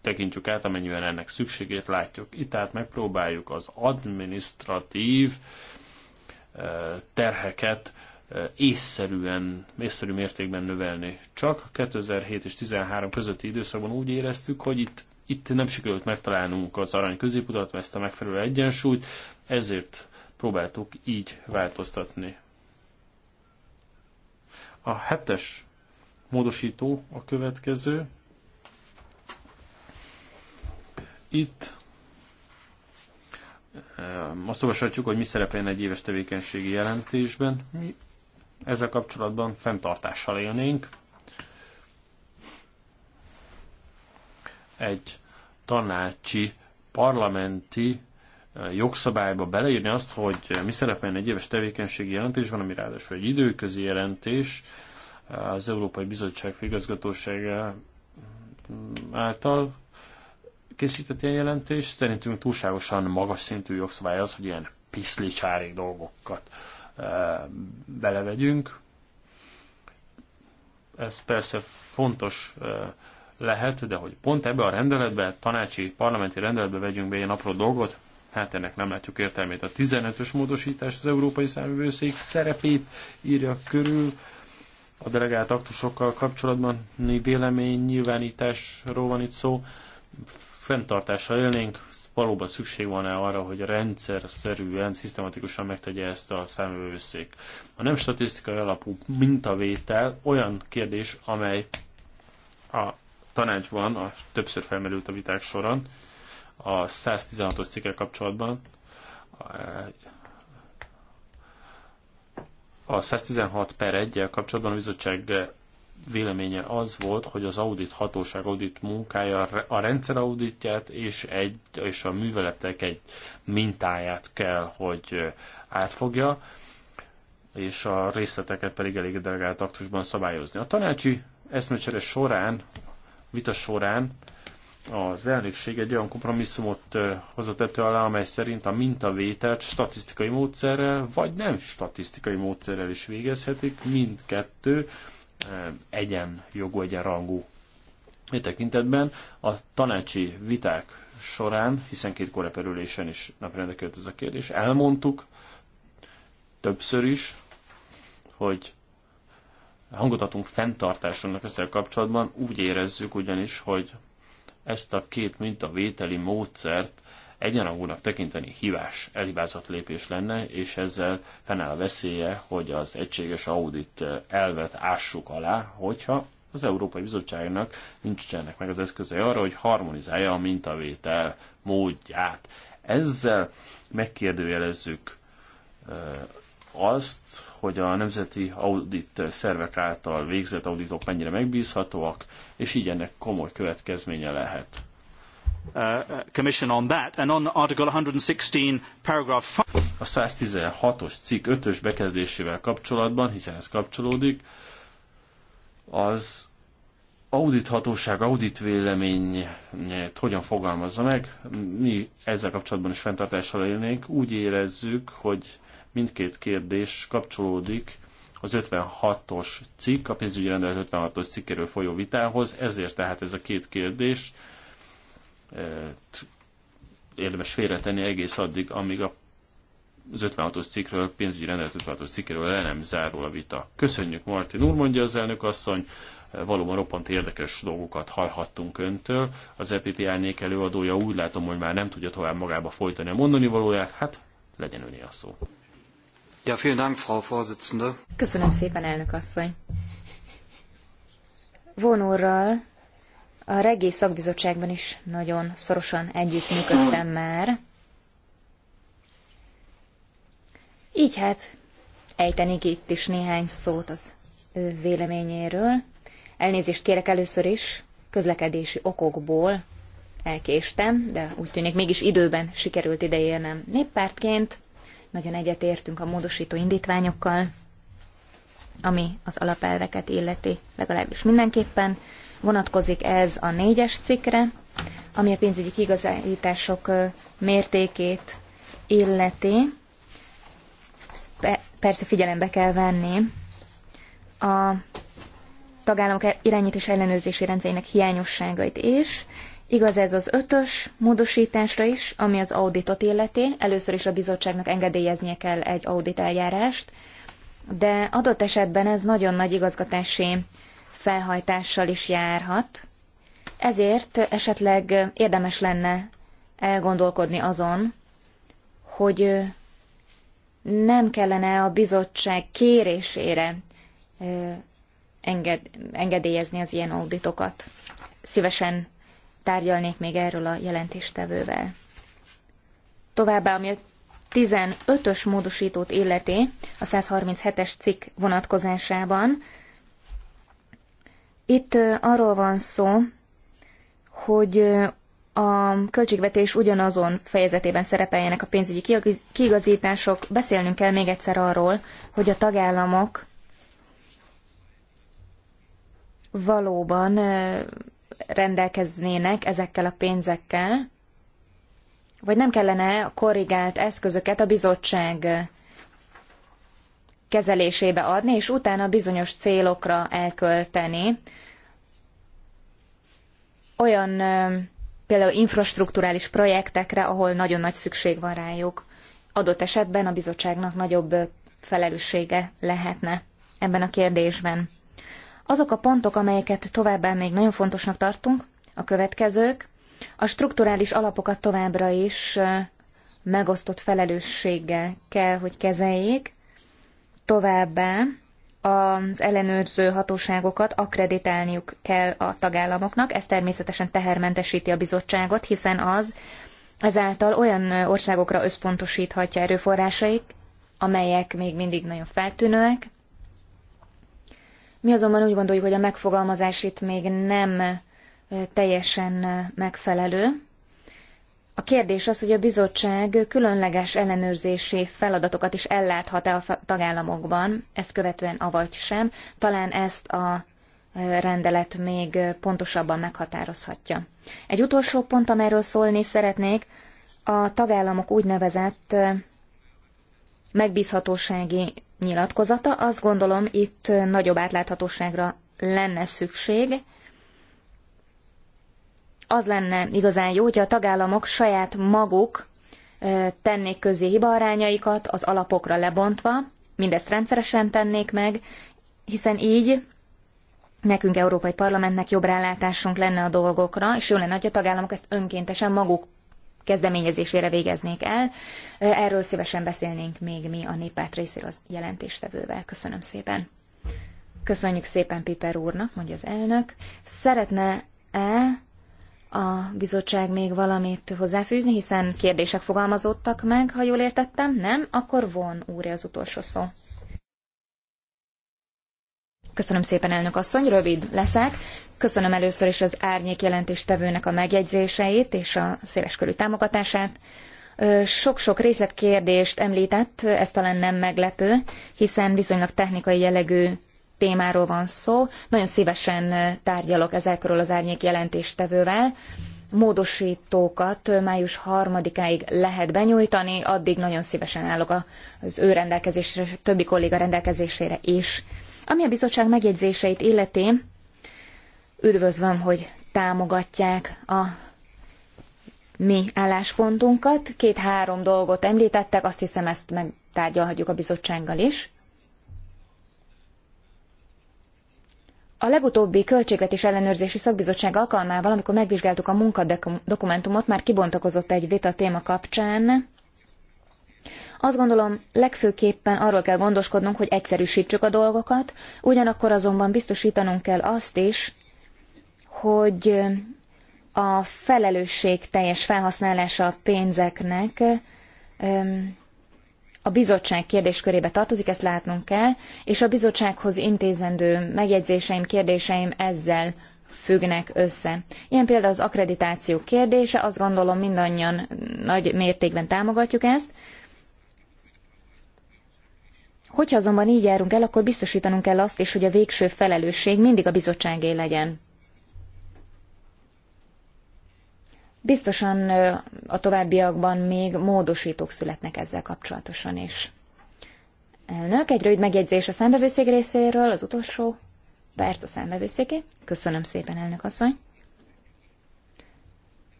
tekintjük át, amennyiben ennek szükségét látjuk. Itt tehát megpróbáljuk az administratív eh, terheket eh, észszerűen, észszerű mértékben növelni. Csak 2007 és 2013 közötti időszakban úgy éreztük, hogy itt, itt nem sikerült megtalálnunk az arany középutat, ezt a megfelelő egyensúlyt, ezért próbáltuk így változtatni a hetes módosító a következő. Itt eh, azt olvashatjuk, hogy mi szerepeljen egy éves tevékenységi jelentésben. Mi ezzel kapcsolatban fenntartással élnénk. Egy tanácsi, parlamenti jogszabályba beleírni azt, hogy mi szerepeljen egy éves tevékenységi van, ami ráadásul egy időközi jelentés az Európai Bizottság főigazgatósága által készített ilyen jelentést. Szerintünk túlságosan magas szintű jogszabály az, hogy ilyen piszlicsári dolgokat e, belevegyünk. Ez persze fontos e, lehet, de hogy pont ebbe a rendeletbe, tanácsi, parlamenti rendeletbe vegyünk be ilyen apró dolgot, Hát ennek nem látjuk értelmét. A 15-ös módosítás az Európai Számvevőszék szerepét írja körül a delegált aktusokkal kapcsolatban vélemény nyilvánításról van itt szó. Fenntartással élnénk, valóban szükség van-e arra, hogy rendszer szerűen, szisztematikusan megtegye ezt a számvevőszék. A nem statisztikai alapú mintavétel olyan kérdés, amely a tanácsban a többször felmerült a viták során, a 116-os cikkel kapcsolatban. A 116 per 1 kapcsolatban a bizottság véleménye az volt, hogy az audit hatóság audit munkája a rendszer auditját és, egy, és a műveletek egy mintáját kell, hogy átfogja, és a részleteket pedig elég delegált aktusban szabályozni. A tanácsi eszmecsere során, vita során az elnökség egy olyan kompromisszumot hozott ető alá, amely szerint a mintavételt statisztikai módszerrel, vagy nem statisztikai módszerrel is végezhetik, mindkettő egyen jogú, rangú. E tekintetben a tanácsi viták során, hiszen két koreperülésen is napirendre ez a kérdés, elmondtuk többször is, hogy hangot adunk fenntartásunknak ezzel kapcsolatban, úgy érezzük ugyanis, hogy ezt a két mintavételi módszert egyenrangúnak tekinteni hívás, elhibázott lépés lenne, és ezzel fennáll a veszélye, hogy az egységes audit eh, elvet ássuk alá, hogyha az Európai Bizottságnak nincsenek meg az eszközei arra, hogy harmonizálja a mintavétel módját. Ezzel megkérdőjelezzük eh, azt, hogy a nemzeti audit szervek által végzett auditok mennyire megbízhatóak, és így ennek komoly következménye lehet. Uh, uh commission on that and on article 116 paragraph 5 a 116-os cikk 5-ös bekezdésével kapcsolatban, hiszen ez kapcsolódik, az audithatóság véleményét hogyan fogalmazza meg, mi ezzel kapcsolatban is fenntartással élnénk, úgy érezzük, hogy Mindkét kérdés kapcsolódik az 56-os cikk, a pénzügyi rendelet 56-os cikkéről folyó vitához, ezért tehát ez a két kérdés e, érdemes félretenni egész addig, amíg a az 56-os cikkről, pénzügyi rendelet 56-os cikkről le nem zárul a vita. Köszönjük Martin úr, mondja az elnök asszony, e, valóban roppant érdekes dolgokat hallhattunk öntől. Az EPP árnyék előadója úgy látom, hogy már nem tudja tovább magába folytani a mondani valóját, hát legyen öné a szó. Ja, vielen Dank, Frau Vorsitzende. Köszönöm szépen, elnök asszony. a regi szakbizottságban is nagyon szorosan együttműködtem már. Így hát ejtenék itt is néhány szót az ő véleményéről. Elnézést kérek először is, közlekedési okokból elkéstem, de úgy tűnik mégis időben sikerült ideérnem néppártként. Nagyon egyetértünk a módosító indítványokkal, ami az alapelveket illeti, legalábbis mindenképpen. Vonatkozik ez a négyes cikkre, ami a pénzügyi kigazítások mértékét illeti. Persze figyelembe kell venni a tagállamok irányítás ellenőrzési rendszerének hiányosságait is, Igaz ez az ötös módosításra is, ami az auditot illeti. Először is a bizottságnak engedélyeznie kell egy audit eljárást, de adott esetben ez nagyon nagy igazgatási felhajtással is járhat. Ezért esetleg érdemes lenne elgondolkodni azon, hogy nem kellene a bizottság kérésére enged, engedélyezni az ilyen auditokat. Szívesen tárgyalnék még erről a jelentéstevővel. Továbbá, ami a 15-ös módosítót illeti a 137-es cikk vonatkozásában, itt arról van szó, hogy a költségvetés ugyanazon fejezetében szerepeljenek a pénzügyi kiigazítások. Beszélnünk kell még egyszer arról, hogy a tagállamok valóban rendelkeznének ezekkel a pénzekkel, vagy nem kellene a korrigált eszközöket a bizottság kezelésébe adni, és utána bizonyos célokra elkölteni. Olyan például infrastrukturális projektekre, ahol nagyon nagy szükség van rájuk. Adott esetben a bizottságnak nagyobb felelőssége lehetne ebben a kérdésben. Azok a pontok, amelyeket továbbá még nagyon fontosnak tartunk, a következők, a strukturális alapokat továbbra is megosztott felelősséggel kell, hogy kezeljék, továbbá az ellenőrző hatóságokat akkreditálniuk kell a tagállamoknak, ez természetesen tehermentesíti a bizottságot, hiszen az ezáltal olyan országokra összpontosíthatja erőforrásait, amelyek még mindig nagyon feltűnőek, mi azonban úgy gondoljuk, hogy a megfogalmazás itt még nem teljesen megfelelő. A kérdés az, hogy a bizottság különleges ellenőrzési feladatokat is elláthat-e a tagállamokban, ezt követően avagy sem. Talán ezt a rendelet még pontosabban meghatározhatja. Egy utolsó pont, amelyről szólni szeretnék, a tagállamok úgynevezett megbízhatósági nyilatkozata. Azt gondolom, itt nagyobb átláthatóságra lenne szükség. Az lenne igazán jó, hogyha a tagállamok saját maguk tennék közé hibaarányaikat az alapokra lebontva, mindezt rendszeresen tennék meg, hiszen így nekünk, Európai Parlamentnek jobb rálátásunk lenne a dolgokra, és jó lenne, hogy a tagállamok ezt önkéntesen maguk kezdeményezésére végeznék el. Erről szívesen beszélnénk még mi a néppárt részéről az jelentéstevővel. Köszönöm szépen. Köszönjük szépen Piper úrnak, mondja az elnök. Szeretne-e a bizottság még valamit hozzáfűzni, hiszen kérdések fogalmazódtak meg, ha jól értettem, nem? Akkor von úrja az utolsó szó. Köszönöm szépen, elnök asszony, rövid leszek. Köszönöm először is az árnyék jelentéstevőnek a megjegyzéseit és a széleskörű támogatását. Sok-sok részletkérdést említett, ez talán nem meglepő, hiszen viszonylag technikai jellegű témáról van szó. Nagyon szívesen tárgyalok ezekről az árnyék jelentéstevővel. Módosítókat május harmadikáig lehet benyújtani, addig nagyon szívesen állok az ő rendelkezésre, többi kolléga rendelkezésére is. Ami a bizottság megjegyzéseit illeti, üdvözlöm, hogy támogatják a mi álláspontunkat. Két-három dolgot említettek, azt hiszem ezt megtárgyalhatjuk a bizottsággal is. A legutóbbi Költségvetés Ellenőrzési Szakbizottság alkalmával, amikor megvizsgáltuk a munkadokumentumot, már kibontakozott egy vita téma kapcsán, azt gondolom, legfőképpen arról kell gondoskodnunk, hogy egyszerűsítsük a dolgokat, ugyanakkor azonban biztosítanunk kell azt is, hogy a felelősség teljes felhasználása a pénzeknek a bizottság kérdéskörébe tartozik, ezt látnunk kell, és a bizottsághoz intézendő megjegyzéseim, kérdéseim ezzel függnek össze. Ilyen például az akkreditáció kérdése, azt gondolom mindannyian nagy mértékben támogatjuk ezt, Hogyha azonban így járunk el, akkor biztosítanunk kell azt is, hogy a végső felelősség mindig a bizottságé legyen. Biztosan a továbbiakban még módosítók születnek ezzel kapcsolatosan is. Elnök, egy rövid megjegyzés a számbevőszék részéről, az utolsó perc a számbevőszéké. Köszönöm szépen, elnök asszony.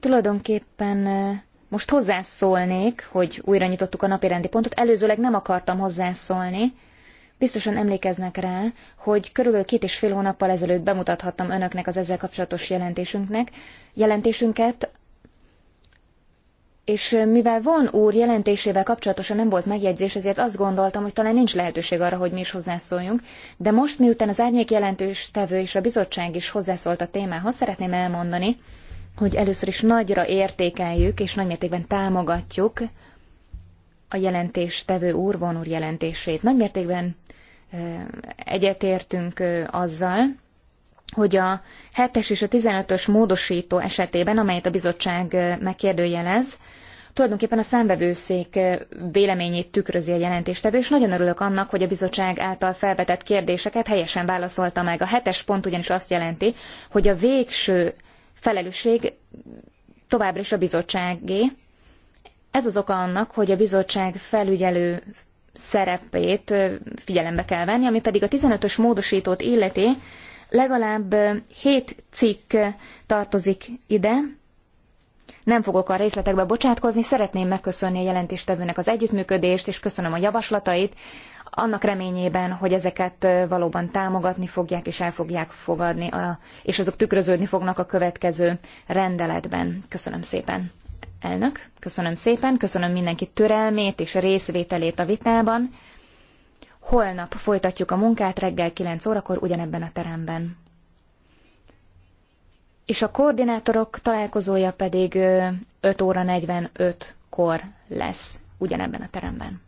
Tulajdonképpen most hozzászólnék, hogy újra nyitottuk a napirendi pontot. Előzőleg nem akartam hozzászólni. Biztosan emlékeznek rá, hogy körülbelül két és fél hónappal ezelőtt bemutathattam önöknek az ezzel kapcsolatos jelentésünknek, jelentésünket, és mivel von úr jelentésével kapcsolatosan nem volt megjegyzés, ezért azt gondoltam, hogy talán nincs lehetőség arra, hogy mi is hozzászóljunk, de most miután az árnyék jelentős tevő és a bizottság is hozzászólt a témához, szeretném elmondani, hogy először is nagyra értékeljük és nagymértékben támogatjuk a jelentéstevő úr, von úr jelentését. Nagymértékben egyetértünk azzal, hogy a 7-es és a 15-ös módosító esetében, amelyet a bizottság megkérdőjelez, tulajdonképpen a számbevőszék véleményét tükrözi a jelentéstevő, és nagyon örülök annak, hogy a bizottság által felvetett kérdéseket helyesen válaszolta meg. A hetes pont ugyanis azt jelenti, hogy a végső felelősség továbbra is a bizottságé. Ez az oka annak, hogy a bizottság felügyelő szerepét figyelembe kell venni, ami pedig a 15-ös módosítót illeti, legalább 7 cikk tartozik ide, nem fogok a részletekbe bocsátkozni, szeretném megköszönni a jelentéstevőnek az együttműködést, és köszönöm a javaslatait annak reményében, hogy ezeket valóban támogatni fogják és el fogják fogadni, a, és azok tükröződni fognak a következő rendeletben. Köszönöm szépen, elnök, köszönöm szépen, köszönöm mindenki türelmét és részvételét a vitában. Holnap folytatjuk a munkát reggel 9 órakor ugyanebben a teremben. És a koordinátorok találkozója pedig 5 óra 45-kor lesz ugyanebben a teremben.